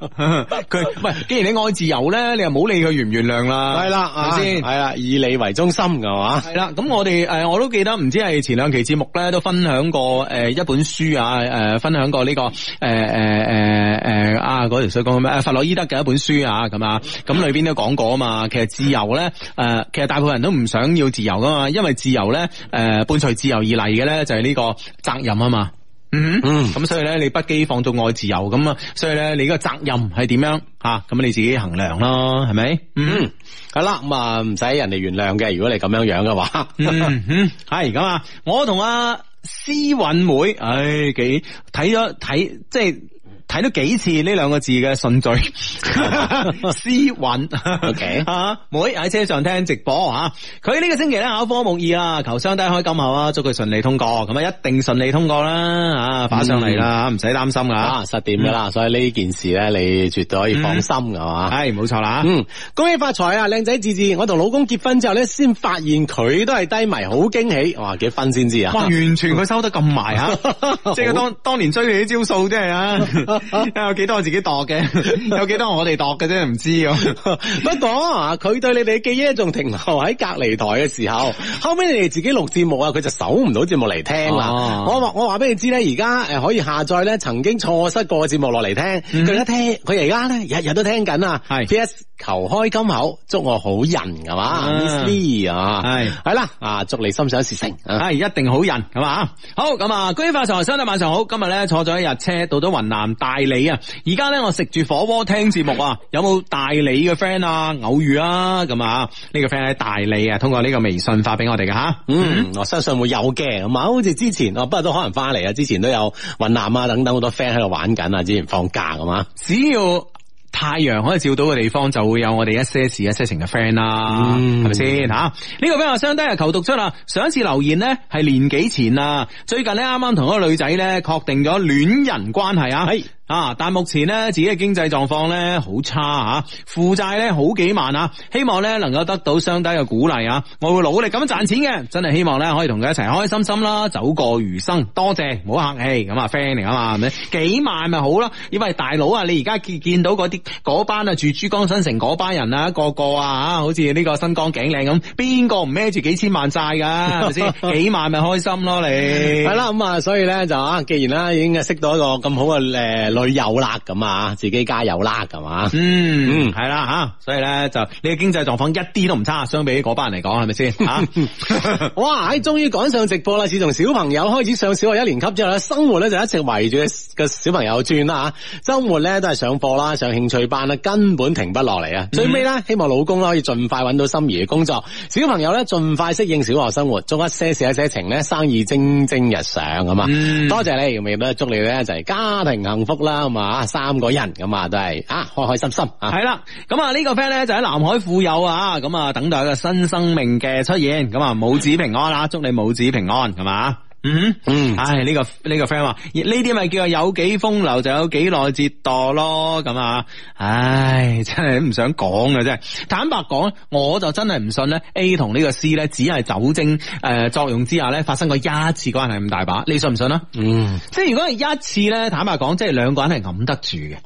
[SPEAKER 2] 佢喂，既然你愛自由咧，你又冇理佢原唔原諒啦。係啦的，係咪先？係啦，以你為中心㗎嘛？係啦，咁我哋誒，我都記得唔知係前兩期節目咧，都分享過誒一本書啊，誒，分享過呢、這個誒誒誒誒啊嗰條想講咩？誒，弗洛伊德嘅一本書啊，咁啊，咁裏邊都講過啊嘛，其實自由咧，誒、呃，其實大部分人都唔想要自由噶嘛，因為自由咧，誒、呃，伴隨自由而嚟嘅咧就係呢個責任啊嘛。嗯、mm，嗯，咁所以咧，你不羈放縱愛自由，咁啊，所以咧，你呢個責任係點樣吓？咁、啊、你自己衡量咯，係咪？Mm hmm. 嗯，好啦，咁啊，唔使人哋原諒嘅，如果你咁樣樣嘅話。嗯、mm，係咁啊，我同阿思韻妹，唉，幾睇咗睇，即係。睇到幾次呢兩個字嘅順序詩韻，OK 妹喺車上聽直播吓、啊，佢呢個星期咧考科目二啊，求上帝開金口啊，祝佢順利通過，咁啊一定順利通過啦啊，啊發上嚟、嗯啊啊、啦，唔使擔心噶，實掂噶啦，所以呢件事咧你絕對可以放心噶、啊，嘛、嗯，係冇錯啦，嗯，恭喜發財啊，靚仔自治，我同老公結婚之後咧，先發現佢都係低迷，好驚喜，哇，幾分先知啊哇，完全佢收得咁埋啊， <laughs> 好即係當當年追你啲招數真係啊。 <laughs> 啊、有幾多我自己度嘅， <laughs> 有幾多我哋度嘅啫，唔知咁。不，、啊、 <laughs> 不過佢對你哋嘅記憶仲停留喺隔離台嘅時候，後尾你哋自己錄節目啊，佢就搜唔到節目嚟聽啦、哦。我話我話俾你知咧，而家誒可以下載咧曾經錯失過嘅節目落嚟聽，佢一、嗯、聽，佢而家咧日日都聽緊啊。係是 P.S. 求開金口，祝我好人係嘛、啊、，Miss Lee 啊，係係啦啊，祝你心想事成，係、哎、一定好人係嘛。好咁啊，居發財生得晚上好，今日咧坐咗一日車到雲，到咗雲南大理啊！而家咧我食住火鍋聽節目啊，有冇大理嘅 friend 啊？偶遇啊咁啊？呢、這個 friend 喺大理啊，通過呢個微信發俾我哋㗎、啊。吓。嗯，嗯我相信會有嘅，咁嘛？好似之前，哦，不過都可能翻嚟啊。之前都有雲南啊等等好多 friend 喺度玩緊啊，之前放假係嘛？只要太陽可以照到嘅地方，就會有我哋一些事、一些情嘅 friend 啦，係咪先吓？呢吧、嗯、個 friend 話相低求讀出啊！上一次留言呢，係年幾前啊？最近呢，啱啱同個個女仔呢確定咗戀人關係啊？係。啊！但目前呢，自己嘅經濟狀況咧好差，啊、負負債咧好幾萬啊！希望咧能夠得到相低嘅鼓勵啊！我會努力咁賺賺錢嘅，真係希望咧可以同佢一齊開心心啦，走過餘生。多謝。唔好客氣，咁啊 friend 嚟啊嘛，係咪？幾萬咪好咯，啊，因為大佬啊，你而家見見到嗰啲嗰班啊住珠江新城嗰班人啊，個個啊吓，好似呢個新光頸領咁，邊個唔孭住幾千萬債噶，啊？係咪先？幾萬咪開心咯，啊，你係啦咁啊，所以咧就啊，既然啦已經識到一個咁好嘅去有啦咁啊，自己加油啦，咁啊，嗯，係啦吓，所以咧就你嘅經濟狀況一啲都唔差，相比嗰班人嚟講，係咪先？吓 <laughs> 哇！終於趕上直播啦，自從小朋友開始上小學一年級之後咧，生活咧就一直圍住個小朋友轉啦吓，周末咧都係上課啦，上興趣班啦，根本停不落嚟啊！嗯、最尾咧，希望老公咧可以儘快揾到心儀嘅工作，小朋友咧儘快適應小學生活，做一些事，一些情咧，生意蒸蒸日上咁啊！嗯、多謝你，姚美多，祝你咧就係、是、家庭幸福啦～咁啊，三個人咁啊，都係啊開開心心啊，係啦，咁啊呢個 friend 咧就喺南海富有啊，咁啊等待一個新生命嘅出現，咁啊母子平安啦，祝你母子平安，係嘛。嗯嗯，唉呢個呢個 friend 話，呢啲咪叫做有幾風流就有幾耐折墮咯，咁啊，唉、哎、真係唔想講噶真係。坦白講我就真係唔信咧，A 同呢個 C 咧只係酒精誒作用之下咧發生過一次關係咁大把，你信唔信啊？嗯、mm，hmm. 即係如果係一次咧，坦白講，即係兩個人係揞得住嘅，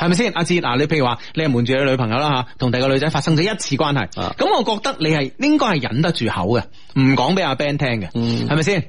[SPEAKER 2] 係咪先？阿志嗱，你譬如話你係瞞住你女朋友啦吓，同第二個女仔發生咗一次關係，咁 Yeah. 我覺得你係應該係忍得住口嘅，唔講俾阿 Ben 聽嘅，係咪先？Hmm. 是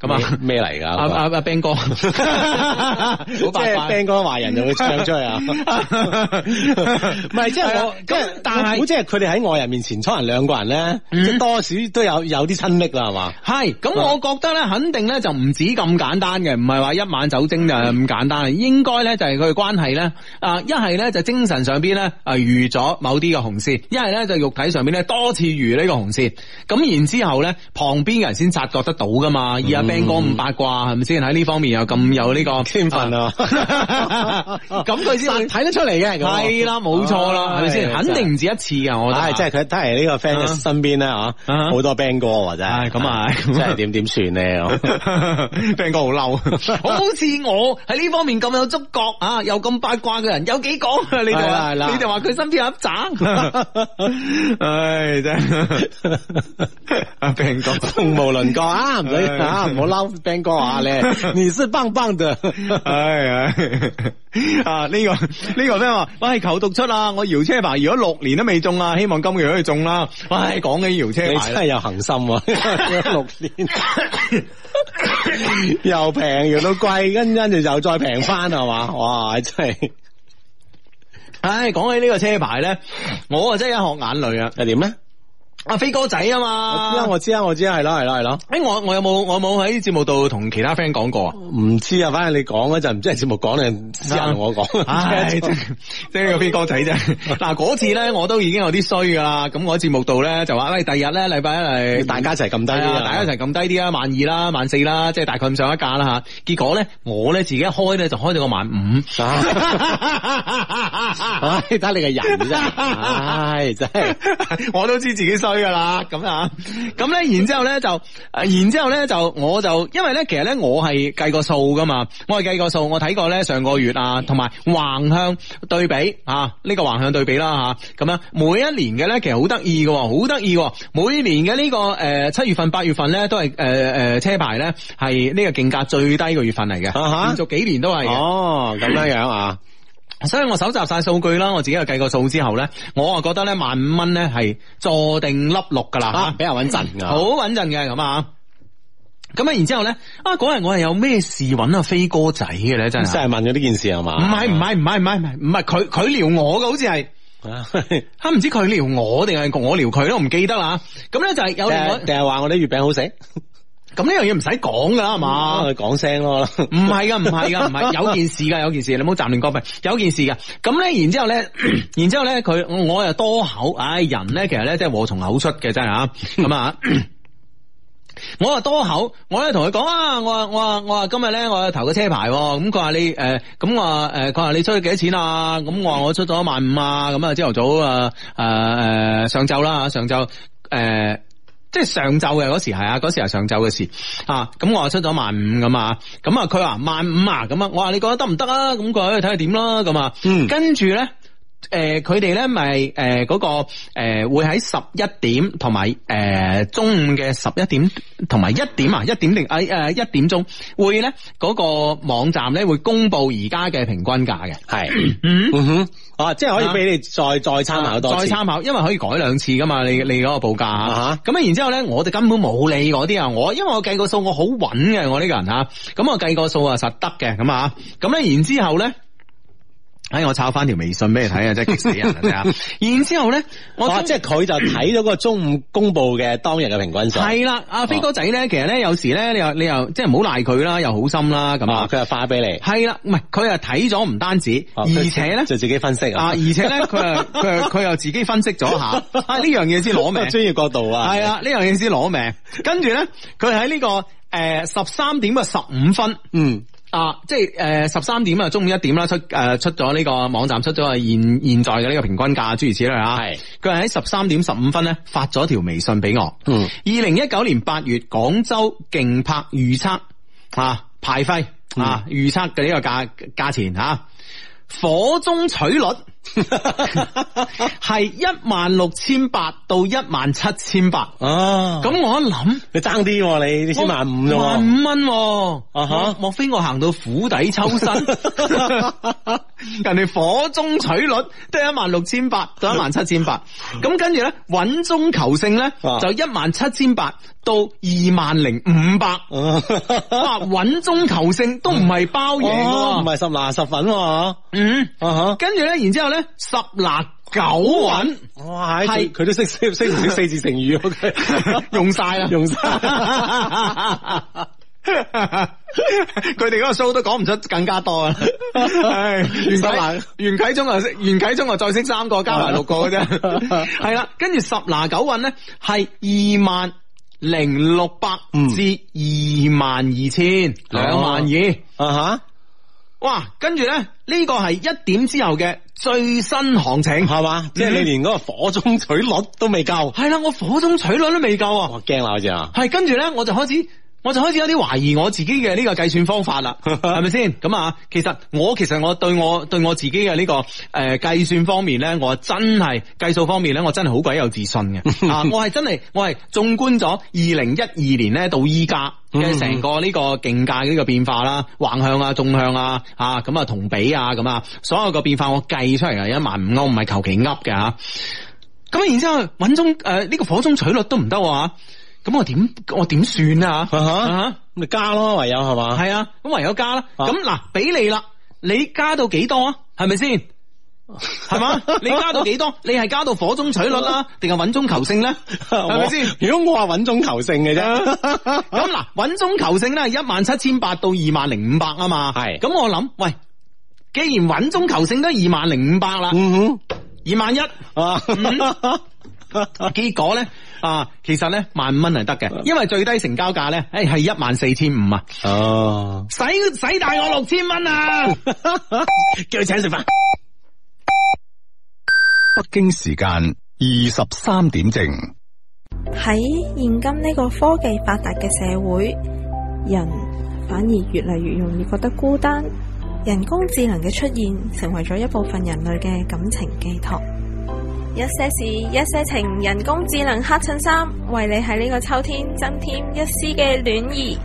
[SPEAKER 2] 咁啊咩嚟噶？阿阿阿 Ben 哥，即係 Ben 哥華人就會唱出去啊！唔係即係，我，但係即係佢哋喺外人面前，初人兩個人咧，即多少都有有啲親昵啦，係嘛？係咁，我覺得咧，肯定咧就唔止咁簡單嘅，唔係話一晚酒精就咁簡單。應該咧就係佢嘅關係咧，啊一係咧就精神上邊咧啊遇咗某啲嘅紅線，一係咧就肉體上邊咧多次遇呢個紅線。咁然之後咧，旁邊嘅人先察覺得到噶嘛？band 哥唔八卦係咪先，喺呢方面又咁有呢個天分啊，咁佢先睇得出嚟嘅係啦，冇錯啦，係咪先？肯定唔止一次㗎。我唉，即係佢睇係呢個 friend 嘅身邊咧好多 band 哥或者咁啊，即係點點算呢？band 哥好嬲，好似我喺呢方面咁有觸覺啊，又咁八卦嘅人有幾個？呢度係啦，你哋話佢身邊有一盞，唉真 band 哥，無論過啊，唔使我 l o b n 哥啊咧，你是棒棒的，唉 <laughs> 係、哎哎、啊呢、這個呢、這個咩話？喂、哎，求讀出啊！我搖車牌，如果六年都未中啊，希望今日可以中啦、啊。唉、哎，講起搖車牌你真係有恒心喎、啊， <laughs> 六年 <laughs> 又平搖到貴，跟跟住又再平翻係嘛？哇，真係！唉、哎，講起呢個車牌咧，我啊真係一學眼淚啊，又點咧？阿飛哥仔啊嘛，我，我知啊，我知啊，我知係啦，係啦，係啦。誒，我我有冇我冇喺節目度同其他 friend 講過啊？唔知啊，反正你講嗰陣唔知係節目講定私下同我講。即係個飛哥仔啫。嗱嗰、哎、次咧，我都已經有啲衰噶啦。咁我喺節目度咧就話，喂，第二日咧禮拜一嚟，大家一齊咁低啲，對大家一齊咁低啲啦，萬二啦，萬四啦，即係大概咁上一價啦吓。結果咧，我咧自己一開咧就開咗個萬五。唉、哎、睇、哎、你個人啫。唉、哎、真、就、係、是、我都知自己噶啦，咁啊，咁咧，然之後咧就，然之後咧就，我就因為咧，其實咧我係計個數噶嘛，我係計個數，我睇過咧上個月啊，同埋橫向對比啊，呢、這個橫向對比啦吓，咁、啊、樣每一年嘅咧，其實好得意喎，好得意喎，每年嘅呢、這個誒七、呃、月份、八月份咧都係誒誒車牌咧係呢個競價最低嘅月份嚟嘅，uh huh. 連續幾年都係，哦咁、uh huh. 樣樣啊。所以我搜集晒數據啦，我自己又計個數之後咧，我啊覺得咧萬五蚊咧係坐定粒六噶啦，比較穩陣噶，好穩陣嘅咁啊！咁啊，然之後咧啊嗰日我係有咩事揾阿飛哥仔嘅咧，真係，你成日問咗呢件事係嘛？唔係唔係唔係唔係唔係，唔係佢佢撩我㗎，好似係吓，唔知佢撩我定係我撩佢咯？我唔記得啦。咁咧就係有人，定係話我啲月餅好食。咁呢樣嘢唔使講噶啦係嘛，講聲咯。唔係噶，唔係噶，唔係，有件事噶，有件事，你唔好暫停國幣。有件事噶，咁咧，然之後咧，然之後咧，佢我又多口，唉，人咧其實咧即係禍從口出嘅真係啊。咁啊，我又多口，呢口啊、 <laughs> 我咧同佢講啊，我我我今日咧我有投個車牌，咁佢話你誒，咁我話誒，佢話你出咗幾多錢啊？咁我話我出咗一萬五啊，咁啊，朝頭早啊，誒誒，上晝啦，上晝誒。呃即係上晝嘅嗰時係啊，嗰時係上晝嘅事啊，咁我出咗萬五㗎嘛，咁啊佢話萬五啊，咁啊，啊我話你覺得得唔得啊？咁佢睇下點啦，咁啊，嗯，跟住咧。誒，佢哋咧咪誒嗰個誒、呃、會喺十一點同埋誒中午嘅十一點同埋一點,一點啊一點定誒誒一點鐘會咧嗰、嗰個網站咧會公布而家嘅平均價嘅係嗯哼、哦、啊，即係可以俾你再再參考多、啊、再參考，因為可以改兩次噶嘛，你你嗰個報價吓咁啊。然之後咧，我哋根本冇理嗰啲啊，我因為我計個數我好穩嘅，我呢個人吓咁我計個數啊實得嘅咁啊，咁咧然之後咧。呢哎我抄翻條微信俾你睇 <laughs> 啊，真係激死人啊！然之後咧，我即係佢就睇咗個中午公布嘅當日嘅平均數。係啦，阿、 <coughs> 啊、飛哥仔咧，其實咧有時咧，你又你又即係唔好賴佢啦，又好心啦，咁啊，佢又發俾你。係啦、啊，唔係佢又睇咗唔單止，啊、而且咧就自己分析啊，而且咧佢又佢又佢又自己分析咗下呢樣嘢先攞命。專 <laughs> 業角度啊，係啊，呢樣嘢先攞命。跟住咧，佢喺呢個誒十三點嘅十五分，嗯。啊，即係誒，十三點啊，中午一點啦，出誒出咗呢個網站，出咗啊現現在嘅呢個平均價諸如此類吓。係是，佢係喺十三點十五分咧發咗條微信俾我。嗯，二零一九年八月廣州競拍預測啊，派費啊，預測嘅呢個價價錢吓，啊，火中取栗。係一萬六千八到一萬七千八哦，咁、啊、我一諗、啊，你爭啲你你千五蚊，千五蚊啊,啊、uh huh. 莫非我行到釜底抽薪？ <laughs> 人哋火中取栗都係一萬六千八到一萬七千八，咁 <laughs> 跟住咧穩中求勝咧就一萬七千八到二萬零五百，哇穩、uh huh. 中求勝都唔係包贏，唔係、uh huh. 哦、十拿十分、啊，嗯、uh huh. 跟住咧然之後。咧十拿九穩，係佢都識識唔識四字成語，用晒啦，用晒。佢哋嗰個 show 都講唔出更加多啊。袁啟南、袁啟忠啊，袁啟啊，中中再識三個加埋六個嘅啫。係啦了，跟住十拿九穩，咧，係二萬零六百五、嗯、至二萬二千兩、哦、萬二啊吓。Uh huh. 哇，跟住咧呢個係一點之後嘅最新行情，係嘛吧？嗯？即係你連嗰個火中取栗都未夠。係啦，我火中取栗都未夠，我驚啦，好似啊。係，跟住咧我就開始。.我就開始有啲懷疑我自己嘅呢個計算方法啦，係咪先？咁啊，其實我，我其實我對我對我自己嘅呢、這個誒計、呃、算方面咧，我真係計數方面咧，我真係好鬼有自信嘅啊！ <laughs> 我係真係我係縱觀咗二零一二年咧到依家嘅成個呢個競價呢個變化啦，橫向，向啊、縱向啊啊咁啊同比啊咁啊，所有個變化我計出嚟係一萬五，我唔係求其噏嘅吓。咁、啊、然之後穩中誒呢、啊這個火中取栗都唔得啊！咁我點我點算啊？吓吓咁咪加咯，唯有係嘛？係啊，咁唯有加啦。咁嗱、uh，俾、huh。你啦，你加到幾多啊？係咪先？係嘛？你加到幾多？你係加到火中取栗啦、啊，定係穩中求勝咧？係咪先？如果我話穩中求勝嘅啫。咁嗱， <laughs> 穩中求勝啦，一萬七千八到二萬零五百啊嘛。係。咁我諗，喂，既然穩中求勝都二萬零五百啦，嗯哼、uh，二萬一啊。Huh. 5, 結果咧啊，其實咧萬五蚊係得嘅，因為最低成交價咧，誒係一萬四千五啊，哦，使使大我六千蚊啊，啊 <laughs> 叫佢請食飯。北京時間二十三點正。
[SPEAKER 1] 喺現今呢個科技發達嘅社會，人反而越嚟越容易覺得孤單。人工智能嘅出現，成為咗一部分人類嘅感情寄託。一些事，一些情，人工智能黑襯衫，為你喺呢個秋天增添一絲嘅暖意。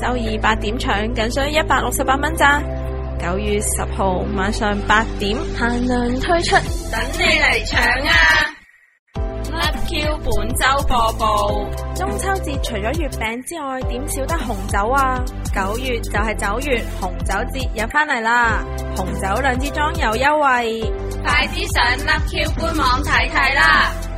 [SPEAKER 1] 周二八點搶，僅需一百六十八蚊咋？九月十號晚上八點限量推出，等你嚟搶啊！Love Q 本周播報：中秋節除咗月餅之外，點少得紅酒啊？九月就係九月，紅酒節又翻嚟啦！紅酒兩支裝有優惠，快啲上 Love Q 官網睇睇啦！